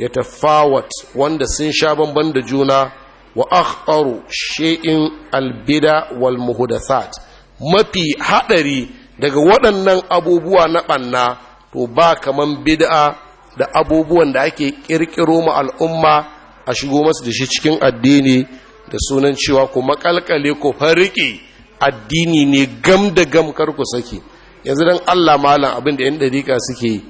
A: ya tafawat wanda sun sha bamban da juna واخطر شيء البدع albida wal muhdathat mafi hadari daga waɗannan abubuwa na ɓanna to ba kaman bid'a da abubuwan da ake ƙirƙiro ma al'umma a shigo masu da shi cikin addini da sunan cewa ku makalkale ko fariƙe addini ne gam da gam kar ku saki yanzu dan Allah malam abin da yan dariƙa suke yi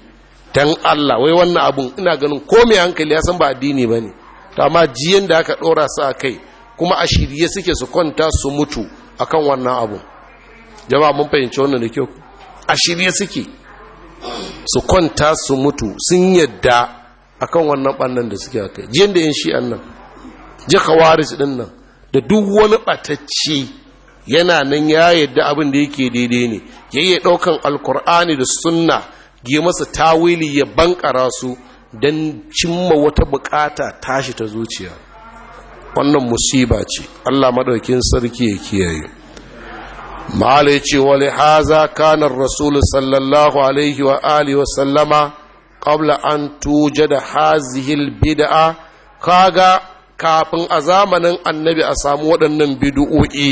A: dan Allah wai wannan abun ina ganin ko mai hankali ya san ba addini bane ta ma jiyan da aka ɗora su a kai kuma a shirye suke su kwanta su mutu akan wannan abu jama'a mun fahimci wannan da kyau a shirye suke su kwanta su mutu sun yadda akan wannan bannan da suke a kai jiyan da yin shi'an nan ji kawaris din nan da duk wani batacci yana nan ya yadda abin da yake daidai ne yayi daukan alkur'ani da sunna ge masa tawili ya bankara su don cimma wata bukata tashi ta zuciya wannan musiba ce Allah madaukin sarki ya kiyaye malai ce wale haza kanar rasulu sallallahu alaihi wa alihi wa sallama qabla an tuje da hazihil bida'a kaga kafin a zamanin annabi a samu waɗannan bidu'o'i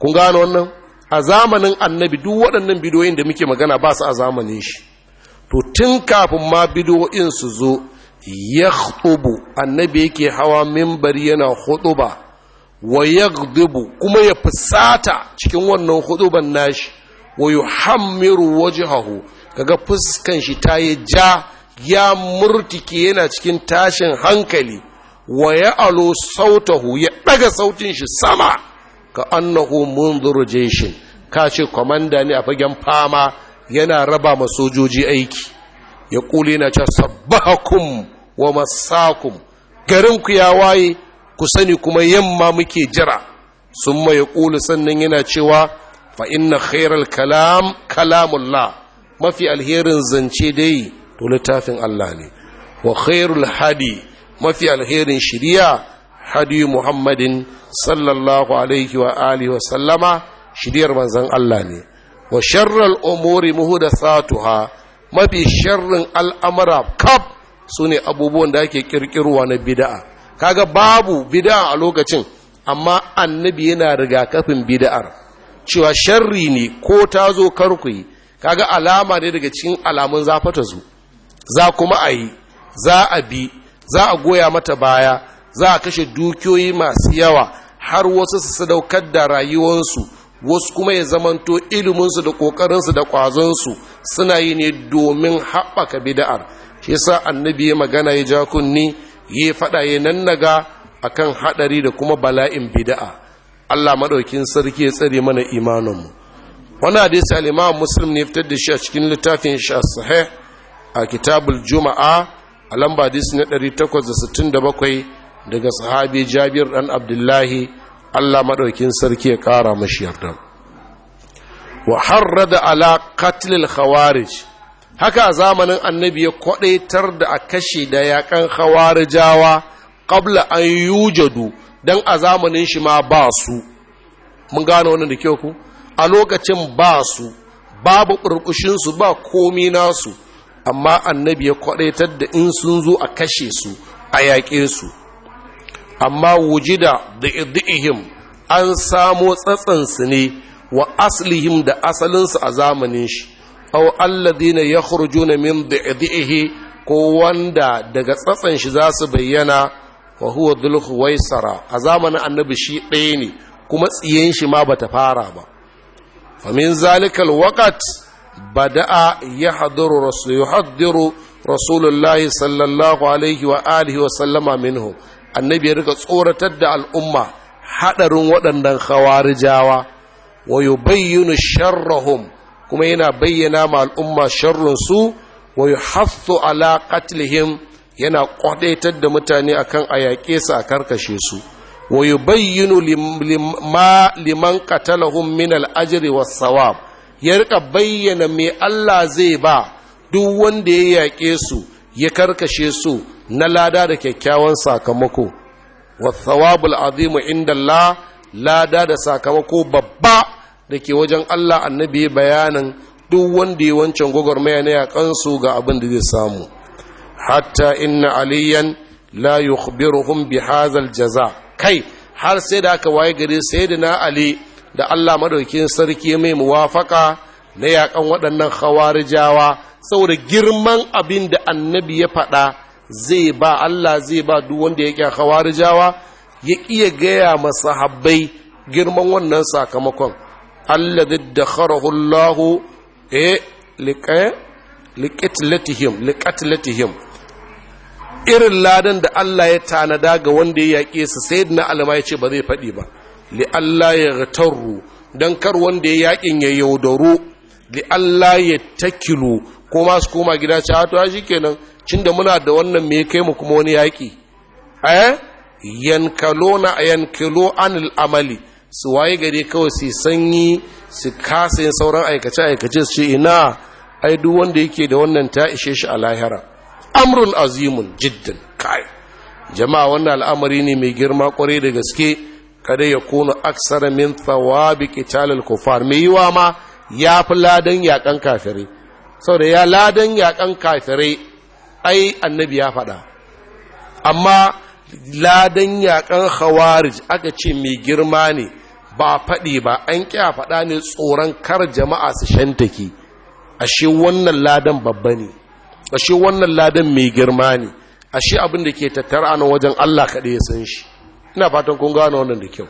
A: kun gano wannan a zamanin annabi duk waɗannan bidoyin da muke magana ba su a zamanin shi to tun kafin ma bidoyin su zo ya annabi yake hawa mimbari yana huɗuba wa ya kuma ya fusata cikin wannan huɗuban nashi wa yi hammiru wajihahu kaga fuskan shi ta yi ja ya murtike yana cikin tashin hankali wa ya alo sautahu ya ɗaga sautin shi sama ka annahu munzuru jeshin ka ce kwamanda ne a fagen fama yana raba ma sojoji aiki ya kuli yana cewa sabbahakum wa masakum garin ku ya waye ku sani kuma yamma muke jira sun ya ƙuli. sannan yana cewa fa inna khairal kalam kalamullah mafi alherin zance dai to littafin Allah ne wa khairul hadi mafi alherin shiriya hadi muhammadin sallallahu alaihi wa alihi wa sallama shiriyar manzon Allah ne wa sharral umuri Satuha, mafi sharrin al'amara kaf ne abubuwan da ake kirkirwa na bida'a kaga babu bida'a a lokacin amma annabi yana rigakafin bida'ar. cewa sharri ne ko ta zo karku yi kaga alama ne daga cikin alamun zafata zu za kuma a yi za a bi za a goya mata baya za a kashe dukiyoyi masu yawa har wasu su sadaukar da rayuwarsu wasu kuma ya zamanto iliminsu da ƙoƙarinsu da ƙwazonsu suna yi ne domin haɓaka bida'ar shi sa annabi ya magana ya ja kunni ya faɗa ya a kan haɗari da kuma bala'in bida'a Allah maɗaukin sarki ya tsare mana imaninmu wani hadisi al-imam muslim ne fitar da shi a cikin littafin shasahe a a kitabul juma'a a lamba hadisi na 867 daga sahabi jabir dan abdullahi Allah maɗaukin sarki ya ƙara mashi yarda wa harrada ala qatlil khawarij haka a zamanin annabi ya kwadaitar da a kashe da yakan khawarijawa qabla an yujadu dan a zamanin shi ma ba su mun gane wannan da kyau ku a lokacin ba su babu burkushin su ba komi nasu amma annabi ya kwadaitar da in sun zo a kashe su a yaƙe su amma wujida da an samo tsatsansu ne wa aslihim da asalinsu a zamanin shi au alladina ya na min di'ihi ko wanda daga tsatsan shi za su bayyana wa huwa dhulhu waisara a zamanin annabi shi ɗaya ne kuma tsiyen shi ma bata fara ba fa min zalikal waqt bada'a yahduru ya haduru, rasulullahi sallallahu alaihi wa alihi wa sallama annabi ya rika tsoratar da al'umma haɗarin waɗannan khawarijawa wa yubayyinu sharrahum kuma yana bayyana ma al'umma sharrunsu wa yuhaffu ala qatlihim yana kwadaitar da mutane akan a yaƙe su a karkashe su wa yubayyinu liman qatalahum min al wa was-sawab ya rika bayyana me Allah zai ba duk wanda ya yaƙe su ya karkashe su na lada da kyakkyawan sakamako wasawabul azimu inda la lada da sakamako babba da ke wajen Allah annabi bayanin duk wanda ya wancan gwagwarmaya na yakansu ga abin da zai samu hatta inna aliyan la yukhbiruhum bi hazal jaza kai har sai da aka waye gari sayyidina ali da Allah madaukin sarki mai muwafaka na yakan waɗannan khawarijawa saboda girman abin da annabi ya faɗa zai ba Allah zai ba duk wanda ya kya khawarijawa ya iya gaya masa habbai girman wannan sakamakon alladhi dakharahu Allah eh liqatlatihim liqatlatihim irin ladan da Allah ya tanada ga wanda ya yake su sayyidina alma ya ce ba zai faɗi ba li Allah ya dan kar wanda ya yaƙin ya yaudaru li Allah ya takilu ko ma su koma gida ci hatuwa shi kenan cin da muna da wannan mai kai mu kuma wani yaƙi eh yankalo na yankalo anil amali su waye gari kawai su sanyi su kasa yin sauran aikace aikace su ce ina ai duk wanda yake da wannan ta ishe shi a lahira amrun azimun jiddan kai jama'a wannan al'amari ne mai girma kwarai da gaske kada ya kona aksara min thawabi qitalil kufar mai yiwa ma ya fi ladan yakan kafirai sau da ya ladan yaƙan kafirai ai annabi ya faɗa amma ladan yaƙan khawarij aka ce mai girma ne ba faɗi ba an kya faɗa ne tsoron kar jama'a su shantake ashe wannan ladan babba ne ashe wannan ladan mai girma ne ashe abin da ke tattara na wajen Allah kaɗai ya san shi ina fatan kun gano wannan da kyau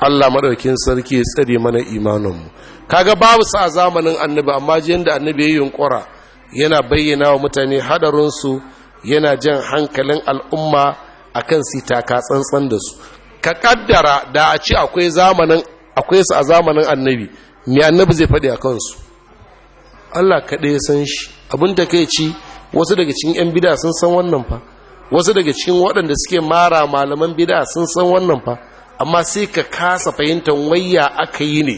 A: Allah maɗaukin sarki ya tsare mana imaninmu kaga babu sa a zamanin annabi amma jiyan da annabi ya yunkura yana bayyana wa mutane hadarinsu yana jan hankalin al'umma akan su taka tsantsan da su ka kaddara da a ci akwai zamanin akwai su a zamanin annabi me annabi zai faɗi a kansu Allah kaɗai ya san shi abin da kai ci wasu daga cikin 'yan bida sun san wannan fa wasu daga cikin waɗanda suke mara malaman bida sun san wannan fa amma sai ka kasa fahimtar wayya aka yi ne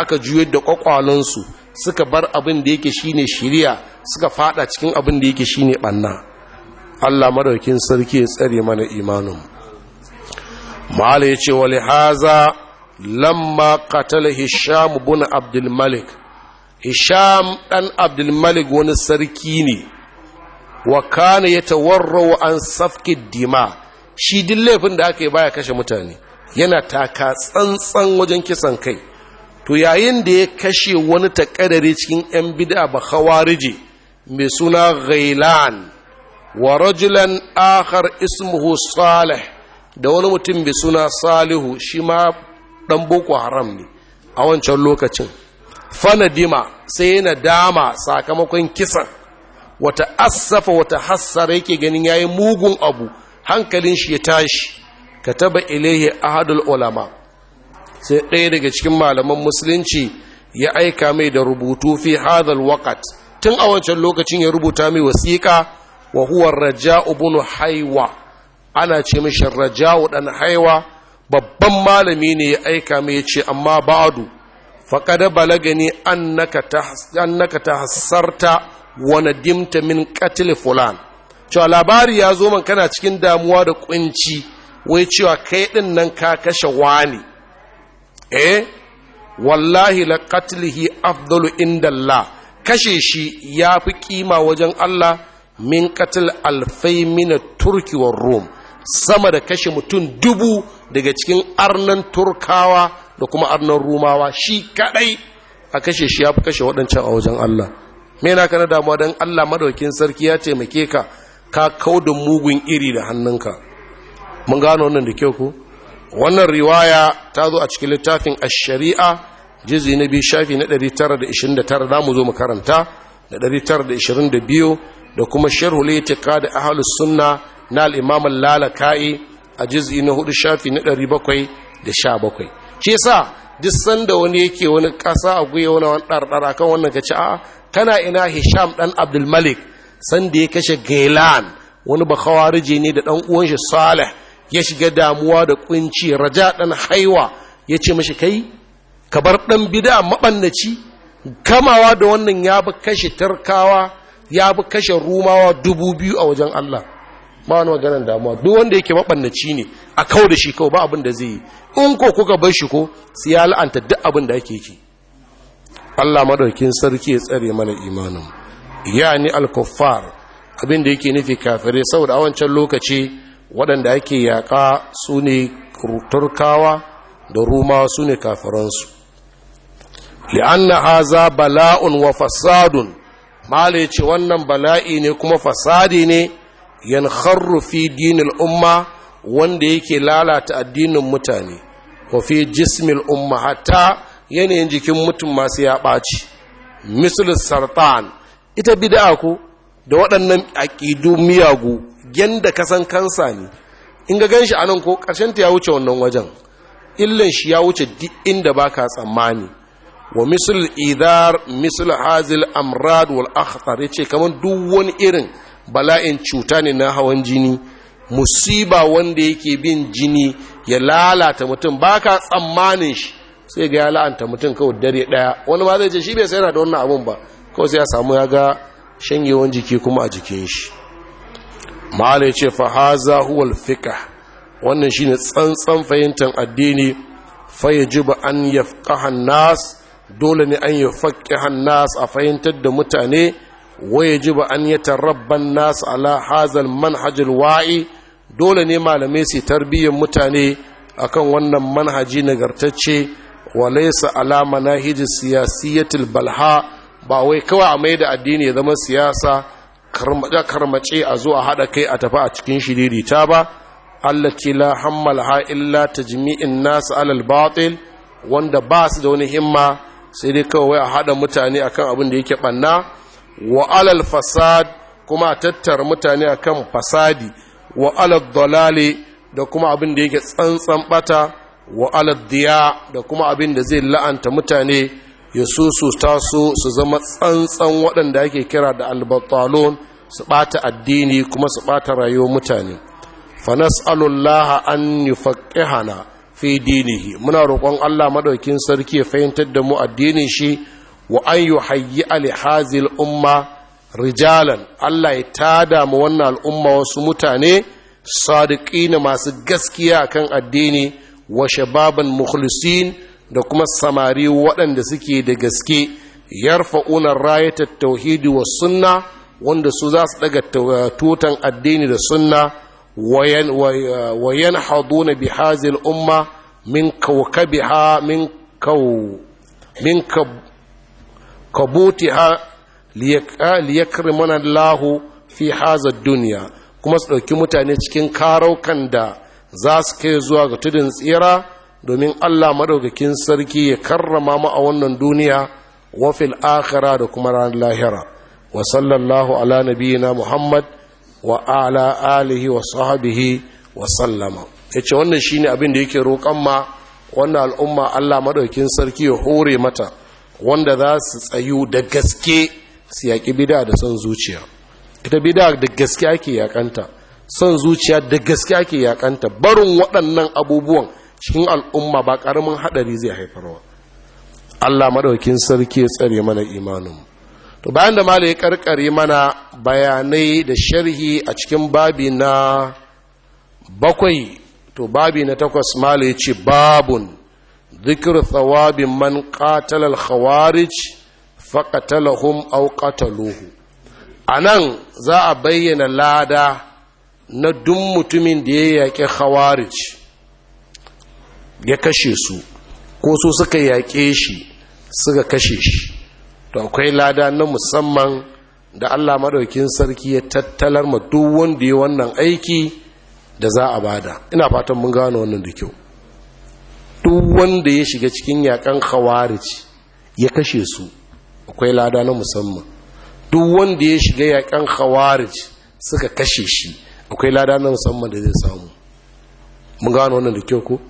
A: aka juyar da kwakwalansu suka bar abin da yake shine shiriya suka fada cikin abin da yake shine banna Allah madaukin sarki ya tsare mana imanin mala yace wa haza lamma qatala hisham ibn abdul malik hisham dan Abdulmalik wani sarki ne wa kana yatawarra an safki dima shi dillafin laifin da aka yi baya kashe mutane yana taka tsantsan wajen kisan kai to yayin da ya kashe wani taƙadari cikin 'yan bida ba khawarije mai suna ghailan wa rajulan akhar ismuhu salih da wani mutum mai suna salihu shi ma dan boko haram ne a wancan lokacin fanadima sai yana dama sakamakon kisan wata asafa wata hassara yake ganin yayi mugun abu hankalin shi ya tashi kataba ilaihi ahadul ulama sai ɗaya daga cikin malaman musulunci ya aika mai da rubutu fi hadal waqt tun a wancan lokacin ya rubuta mai wasiƙa wa huwa raja'u bin haiwa ana ce mishi raja'u dan haiwa babban malami ne ya aika mai ya ce amma ba'du faqad balagani annaka annaka hasarta wa nadimta min qatl fulan cewa labari ya zo man kana cikin damuwa da kunci wai cewa kai ɗin nan ka kashe wani eh wallahi la qatlihi afdalu inda Allah kashe shi ya fi kima wajen Allah min qatl alfai min turki wa rum sama da kashe mutum dubu daga cikin arnan turkawa da kuma arnan rumawa shi kadai a kashe shi ya fi kashe waɗancan a wajen Allah me na kana damuwa don Allah madaukin sarki ya taimake ka ka kau da mugun iri da hannunka mun gano wannan da kyau ku. wannan riwaya ta zo a cikin littafin ash-shari'a jizi na biyu shafi na 929 za mu zo mu karanta da 922 da kuma sharhul da ahlus sunna na al-imam al-lalaka'i a jizi na hudu shafi na 717 Ke sa duk sanda wani yake wani kasa a guye wani wani ɗarɗar akan wannan ka ci a kana ina hisham ɗan abdulmalik sanda ya kashe gailan wani ba kawarije ne da ɗan uwan shi salih ya shiga damuwa da kunci raja ɗan haiwa ya ce mashi kai ka bar ɗan bida mabannaci kamawa da wannan ya bi kashe tarkawa ya bi kashe rumawa dubu biyu a wajen Allah ba wani maganar damuwa duk wanda yake maɓannaci ne a kawo da shi kawo ba abin da zai yi in ko kuka bar shi ko su ya la'anta duk abin da ake yi. Allah maɗaukin sarki ya tsare mana imanin yani al-kuffar abin da yake nufi kafirai saboda a wancan lokaci waɗanda ake yaƙa su ne turkawa da ruma su ne kafiransu li'anna haza bala'un wa fasadun mala ya ce wannan bala'i ne kuma fasadi ne yan fi dinil umma wanda yake lalata addinin mutane wa fi jismil umma hatta yanayin jikin mutum masu ya ɓaci misalin sartan ita bida ku da waɗannan aƙidu miyagu yadda kasan kansa ne in ga gan shi a nan ko ƙarshen ta ya wuce wannan wajen illan shi ya wuce duk inda baka tsammani wa misul idar misul hazil amrad wal akhtar ce kamar duk wani irin bala'in cuta ne na hawan jini musiba wanda yake bin jini ya lalata mutum baka tsammanin shi sai ga ya la'anta mutum kawai dare ɗaya. wani ma zai ce shi bai sai yana da wannan abun ba kawai sai ya samu ya ga shanyewan jiki kuma a jikin shi mahala ya ce fahaza huwal fika wannan shi ne tsantsan fahimtar addini ba an yafqaha nas dole ne an yafqaha nas a fahimtar da mutane ba an yatarabban nas ala hazal manhajar wa'i dole ne malamai su tarbiyyar mutane akan wannan manhaji nagartacce walaisa ala manahijis siyasiyatil balha ba wai kawai a mai da addini ya zama siyasa karmace a zuwa haɗa kai a tafi a cikin shiriri ta ba allati la hammal ha illa tajmi'in nasa alal batil wanda ba su da wani himma sai dai kawai a haɗa mutane akan abin da yake banna wa alal fasad kuma a tattara mutane akan fasadi wa alal dalali da kuma abin da yake tsantsan bata wa alal diya da kuma abin da zai la'anta mutane ya susuta su su zama tsantsan waɗanda ake kira da albatalon su ɓata addini kuma su ɓata rayuwar mutane fanas'alullah an yufaqqihana fi dinihi muna roƙon Allah maɗaukin sarki ya fahimtar da mu addinin shi wa an yuhayyi ali hazil umma rijalan Allah ya tada mu wannan al'umma wasu mutane sadiqina masu gaskiya kan addini wa shababan mukhlisin da kuma samari waɗanda suke da gaske yarfa'una rayatar tauhidi wa sunna wanda su za su daga eh, tutan addini da sunna wayan haduna bi hazil umma min ha min kaw min liyakar ah, mana lahu fi haza duniya kuma su ɗauki mutane cikin karaukan da za su kai zuwa ga tudun tsira domin Allah madaukakin sarki ya karrama mu a wannan duniya wa fil akhira da kuma ranar lahira wa sallallahu ala nabiyyina Muhammad wa ala alihi wa sahbihi wa sallama yace wannan shine abin da yake roƙon ma wannan al'umma Allah madaukakin sarki ya hore mata wanda za su tsayu da gaske su yaki bida da son zuciya ita bida da gaske ake yakanta son zuciya da gaske ake yakanta barin waɗannan abubuwan cikin al'umma ba ƙaramin haɗari zai haifarwa Allah maɗaukin sarki ya tsare mana imanin to bayan da malai karkare mana bayanai da sharhi a cikin babi na bakwai to babi na takwas malai ce babun zikir thawabin man qatala al-khawarij au aw A nan za a bayyana lada na dun mutumin da ya yaƙi khawarij ya kashe su ko su suka yaƙe shi suka kashe shi to akwai lada na musamman da allah maɗaukin sarki ya tattalar ma duk wanda ya wannan aiki da za a bada ina fatan mun gano wannan da kyau duk wanda ya shiga cikin yaƙan khawarij ya kashe su akwai lada na musamman duk wanda ya shiga yaƙan khawarij suka kashe shi akwai lada na musamman da zai samu mun gano wannan da kyau ko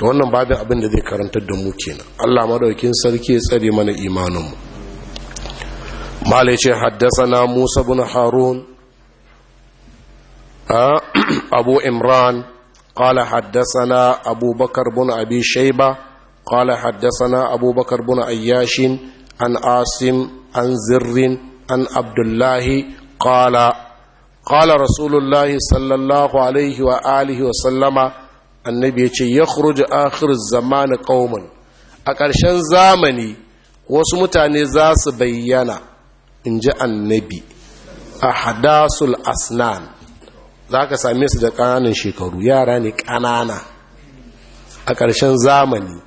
A: da wannan babin abin da zai karantar da mu kenan Allah madaukin sarki ya tsare mana imaninmu malai ce haddasana Musa bin Harun ah, Abu Imran قال حدثنا أبو بكر بن أبي شيبة قال حدثنا أبو بكر بن أياش عن عاصم عن زر عن عبد الله قال قال رسول الله صلى الله عليه وآله وسلم annabi ya ce ya khuruji akhir zamani qauman a ƙarshen zamani wasu mutane za su bayyana in ji annabi a hadasul asnan za ka same su da ƙananan shekaru yara ne ƙanana a ƙarshen zamani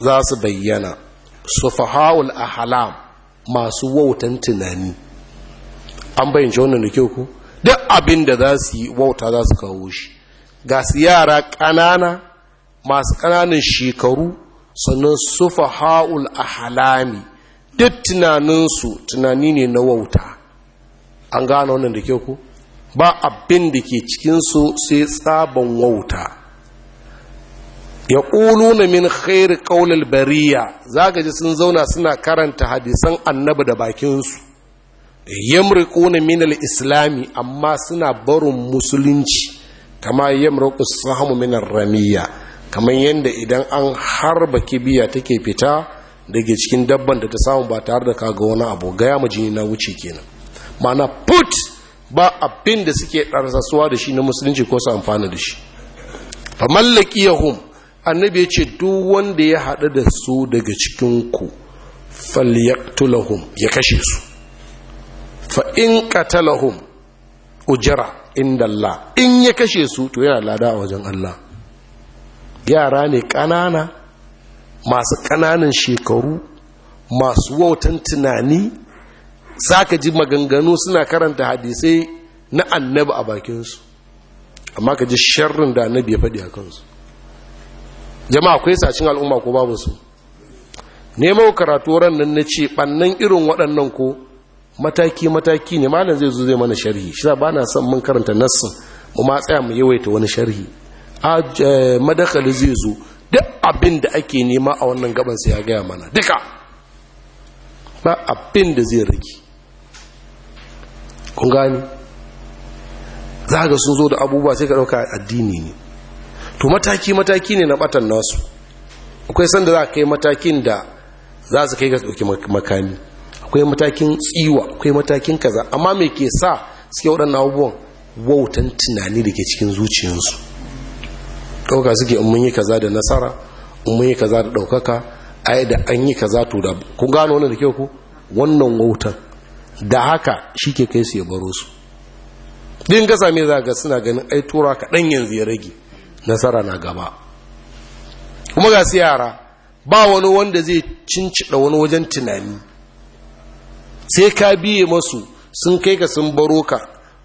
A: za su bayyana su a halam masu wautan tunani an bayyance wannan da kyau ku duk abin da za su yi wauta za su kawo shi ga yara ƙanana masu ƙananan shekaru sannan sufa ha'ul a halami duk tunaninsu tunani ne na wauta an gano wannan da ke ku ba abin da ke cikinsu sai tsaban wauta ya na min khairi ƙaunar bariya za ji sun zauna suna karanta hadisan annabi da bakinsu yamrikuna min al-islami amma suna barin musulunci kama yamruqu samu minar ramiya kamar yadda idan an harba kibiya take fita daga cikin dabban da ta samu ba tare da kaga wani abu gaya ma jini na wuce kenan mana put ba abin da suke ɗarsasuwa da shi na musulunci ko su amfani da shi fa mallaki yahum annabi ya ce duk wanda ya haɗu da su daga cikin ku falyaktulahum ya kashe su fa in qatalahum ujra inda Allah in ya kashe su to yana lada a wajen Allah yara ne ƙanana masu ƙananan shekaru masu wautan tunani za ka ji maganganu suna karanta hadisai na annabi a bakinsu amma ka ji sharrin da annabi ya faɗi a kansu jama'a akwai sacin al'umma ko babu su nemo karatu ran nan na ce ɓannan irin waɗannan ko mataki-mataki ne malam zai zo zai mana sharhi shi ba na son mun karanta nassin mu ma tsaya mu yawaita wani sharhi a eh, madakali zai zo duk abin da ake nema a wannan gaban sai ya gaya mana duka ba abin da zai rage kun gani za ga sun zo da abubuwa sai ka ɗauka addini ne to mataki-mataki ne na batan nasu akwai sanda za ka kai matakin da za su kai ga ɗauki makami akwai matakin tsiwa akwai matakin kaza amma mai ke sa suke waɗannan abubuwan wautan tunani da ke cikin zuciyarsu ɗauka suke umun yi kaza da nasara umun yi kaza da ɗaukaka yi da an yi kaza to da kun gano wannan da kyau ku wannan wautan da haka shi ke kai su ya baro su din ka same za suna ganin ai tura kaɗan yanzu ya rage nasara na gaba kuma ga su yara ba wani wanda zai cincida wani wajen tunani sai ka biye masu sun kai ka sun baro ka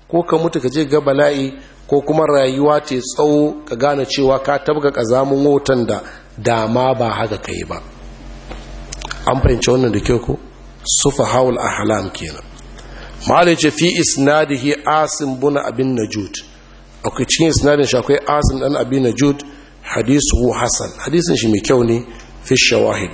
A: ko ka mutu ka je ga bala'i ko kuma rayuwa ce tsawo ka gane cewa ka tabga kazamin wutan da dama ba haka ka yi ba an fahimci wannan da kyau ko sufa hawul ahlam kenan malai ce fi isnadihi asim buna abin najud akwai cikin isnadin shi akwai asim dan abin najud hadisu Hassan, hadisin shi mai kyau ne fi shawahid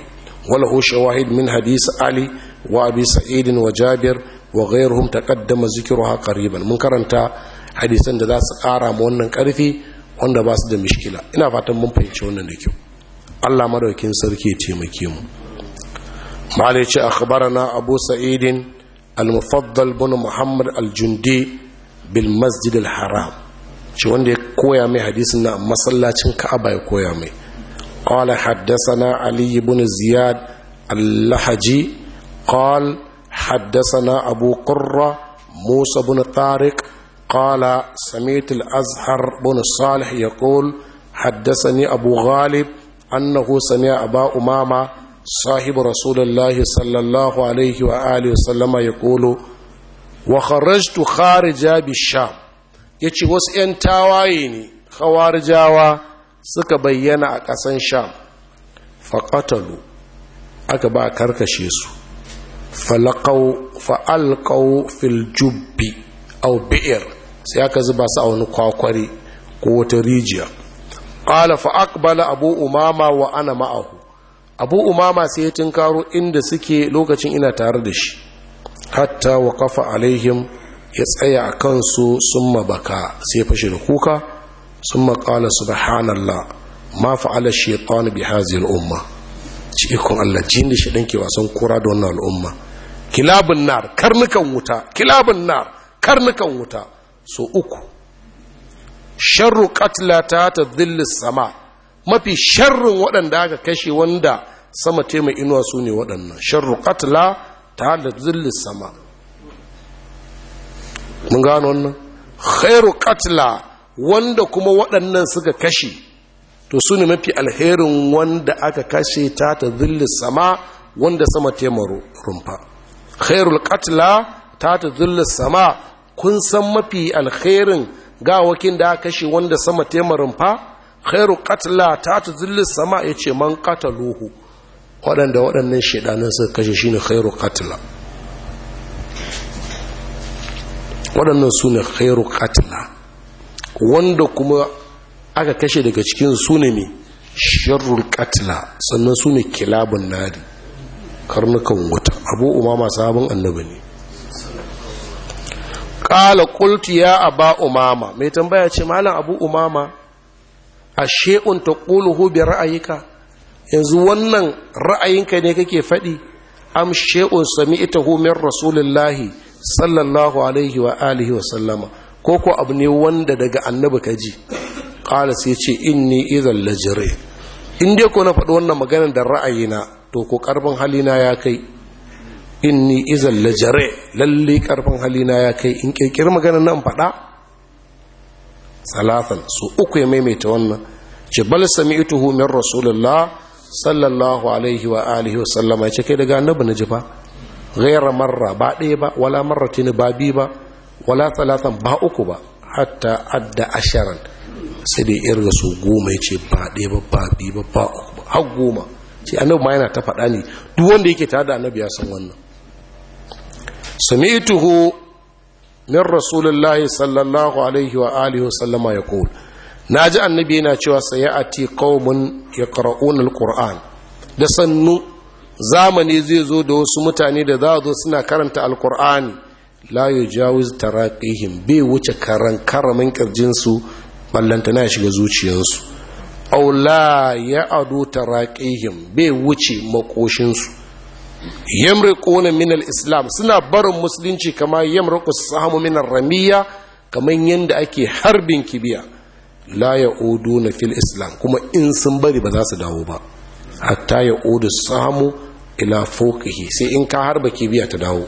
A: wala hu shawahid min Hadisu ali wa abi sa'idin wa jabir wa ghairuhum taqaddama zikruha qariban mun karanta hadisan da za su ƙara ma wannan ƙarfi wanda ba su da mishkila ina fatan mun fahimci wannan da kyau Allah madaukin sarki ya taimake mu malai ce na abu sa'idin al-mufaddal bin muhammad al-jundi bil masjid haram shi wanda ya koya mai hadisin na masallacin ka'aba ya koya mai qala haddathana aliyu ibn ziyad al قال حدثنا أبو قرة موسى بن طارق قال سميت الأزهر بن الصالح يقول حدثني أبو غالب أنه سمع أبا أمامة صاحب رسول الله صلى الله عليه وآله وسلم يقول وخرجت خارجا بالشام يتي وس ان تاوايني خوارجاوا suka bayyana a ƙasan sham faƙatalu aka ba karkashe su falakau fa'alkau Filjubbi au bi'ir sai aka zuba su a wani kwakwari ko wata rijiya ƙala fa'akbala abu umama wa ana ma'ahu abu umama sai ya tinkaro inda suke lokacin ina tare da shi hatta wa kafa alaihim ya tsaya a kansu sun mabaka sai fashe da kuka sun maƙala subhanallah ma fa'ala shaitan bi hazil umma cikin ikon Allah jin da shi ɗanke wasan kura da wannan al'umma kilabun nar karnukan wuta kilabun nar karnukan wuta so uku sharru katlata ta zillis sama mafi sharrin waɗanda aka kashe wanda sama te mai inuwa su ne waɗannan sharru katla ta da zillis sama mun gano wannan khairu katla wanda kuma waɗannan suka kashe to su ne mafi alherin wanda aka kashe ta ta zillis sama wanda sama te rumfa khairul qatla ta ta zulla sama kun san mafi alkhairin gawakin da aka kashe wanda sama taimarin fa khairu qatla ta ta zulla sama yace man qataluhu waɗanda waɗannan shedanin suka kashe shine khairu qatla waɗannan su ne khairu qatla wanda kuma aka kashe daga cikin su ne mai sharrul qatla sannan su ne kilabun nari karnukan wuta abu umama sabon annabi ne ƙala ƙultu ya aba umama mai tambaya ce malam abu umama a she'un ta ƙuluhu bi ra'ayika yanzu wannan ra'ayinka ne kake faɗi am she'un sami ita min rasulullahi sallallahu alaihi wa alihi wa sallama ko ko abu ne wanda daga annabi ka ji ƙala sai ce inni idan lajire in dai ko na faɗi wannan maganar da ra'ayina to ko karfin halina ya kai inni izal lajare lalle karfin halina ya kai in kirkiri maganar nan faɗa salatan su uku ya maimaita wannan ce bal sami'tuhu min rasulullah sallallahu alaihi wa alihi wa ya ce kai daga annabi na ji fa ghaira marra ba ɗaya ba wala marratin ba bi ba wala salatan ba uku ba hatta adda asharan sai da irga su goma ya ce ba ɗaya ba ba bi ba ba uku ba har goma ce annabi ma yana ta faɗa ne duk wanda yake tada annabi ya san wannan sami'tuhu min rasulullahi sallallahu alaihi wa alihi wa sallama ya Na naji annabi yana cewa sayati qaumun yaqra'una alquran da sannu zamani zai zo da wasu mutane da za zo suna karanta alqur'ani la yujawiz taraqihim bai wuce karan karamin kirjinsu ballantana ya shiga zuciyarsu aula ya ado taraƙihim bai wuce makoshinsu yamriquna min minal islam suna barin musulunci kama yamriqu sahamu min ramiya kamar yadda ake harbin kibiya la na fil islam kuma in sun bari ba za su dawo ba hatta ya yaudu sahamu ila fawqihi sai in ka harba kibiya ta dawo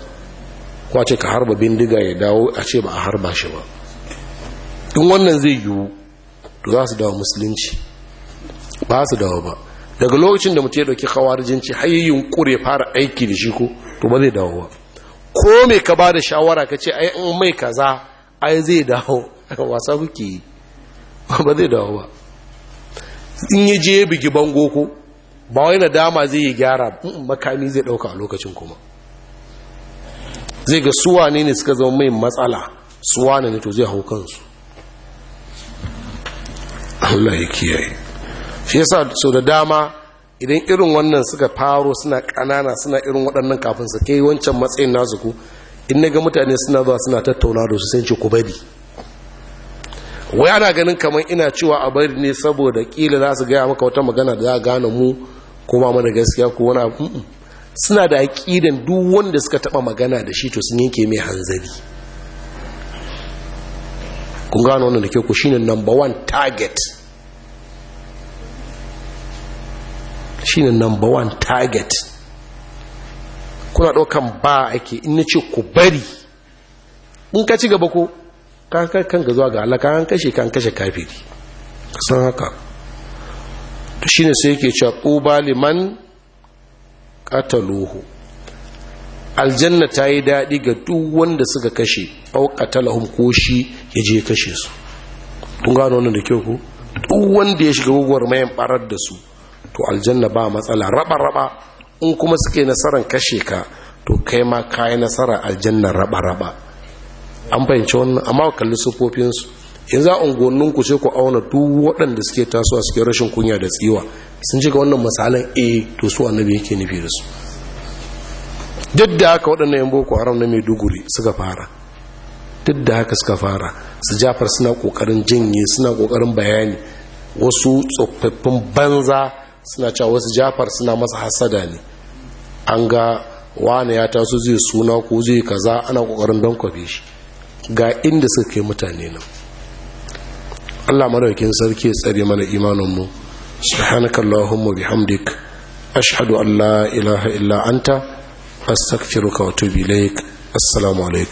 A: ko ce ka harba bindiga ya dawo a ce ba a harba shi ba in wannan zai yiwu to za su dawo musulunci ba su dawo ba daga lokacin da mutum ya dauki khawarijinci har yi yunkure fara aiki da shi ko to ba zai dawo ba ko me ka ba da shawara ka ce ai in mai kaza ai zai dawo wasa kuke yi ba zai dawo ba in ya je bigi bango ko ba wai nadama zai yi gyara mm, makami zai dauka a lokacin kuma zai ga suwa ne ne suka zama mai matsala suwa ne to zai hau kansu Allah ya kiyaye shi yasa so da dama idan irin wannan suka faro suna ƙanana suna irin waɗannan kafin su kai wancan matsayin nasu ku in na ga mutane suna zuwa suna tattauna da su sun ce ku bari wai ana ganin kamar ina cewa a bari ne saboda kila za su gaya maka wata magana da za a gane mu ko ba mana gaskiya ko wani abu suna da aƙidan duk wanda suka taɓa magana da shi to sun yanke mai hanzari kun gano wannan da ke ku shine number one target shine number one target kuna ɗaukan ba ake in na ce ku bari in ka ci gaba ko kan ga zuwa ga alaka an kashe kan kashe kafiri san haka to shine sai yake cewa quba liman qataluhu aljanna ta yi daɗi ga duk wanda suka kashe au qatalahum ko shi ya je kashe su kun gano wannan da kyau ko duk wanda ya shiga mayan barar da su to aljanna ba matsala raba-raba in kuma suke nasarar kashe ka to kai ma ka yi nasara aljanna raba-raba an fahimci wannan amma kalli sufofinsu yanzu a unguwanninku sai ku auna duk waɗanda suke tasowa suke rashin kunya da tsiwa sun ji ga wannan misalan a eh, to su annabi yake nufi da su duk da haka waɗannan yan boko haram na maiduguri suka fara duk da haka suka fara su jafar suna ƙoƙarin jinye suna ƙoƙarin bayani wasu tsofaffin banza suna cewa wasu jafar suna masa hasada ne an ga wane ya taso zai suna ko zai kaza ana kokarin don kwafe shi ga inda suka kai mutane nan Allah maraukin sarki ya tsare mana imaninmu subhanakallahumma bihamdik ashhadu an la ilaha illa anta astaghfiruka wa atubu ilaik assalamu alaikum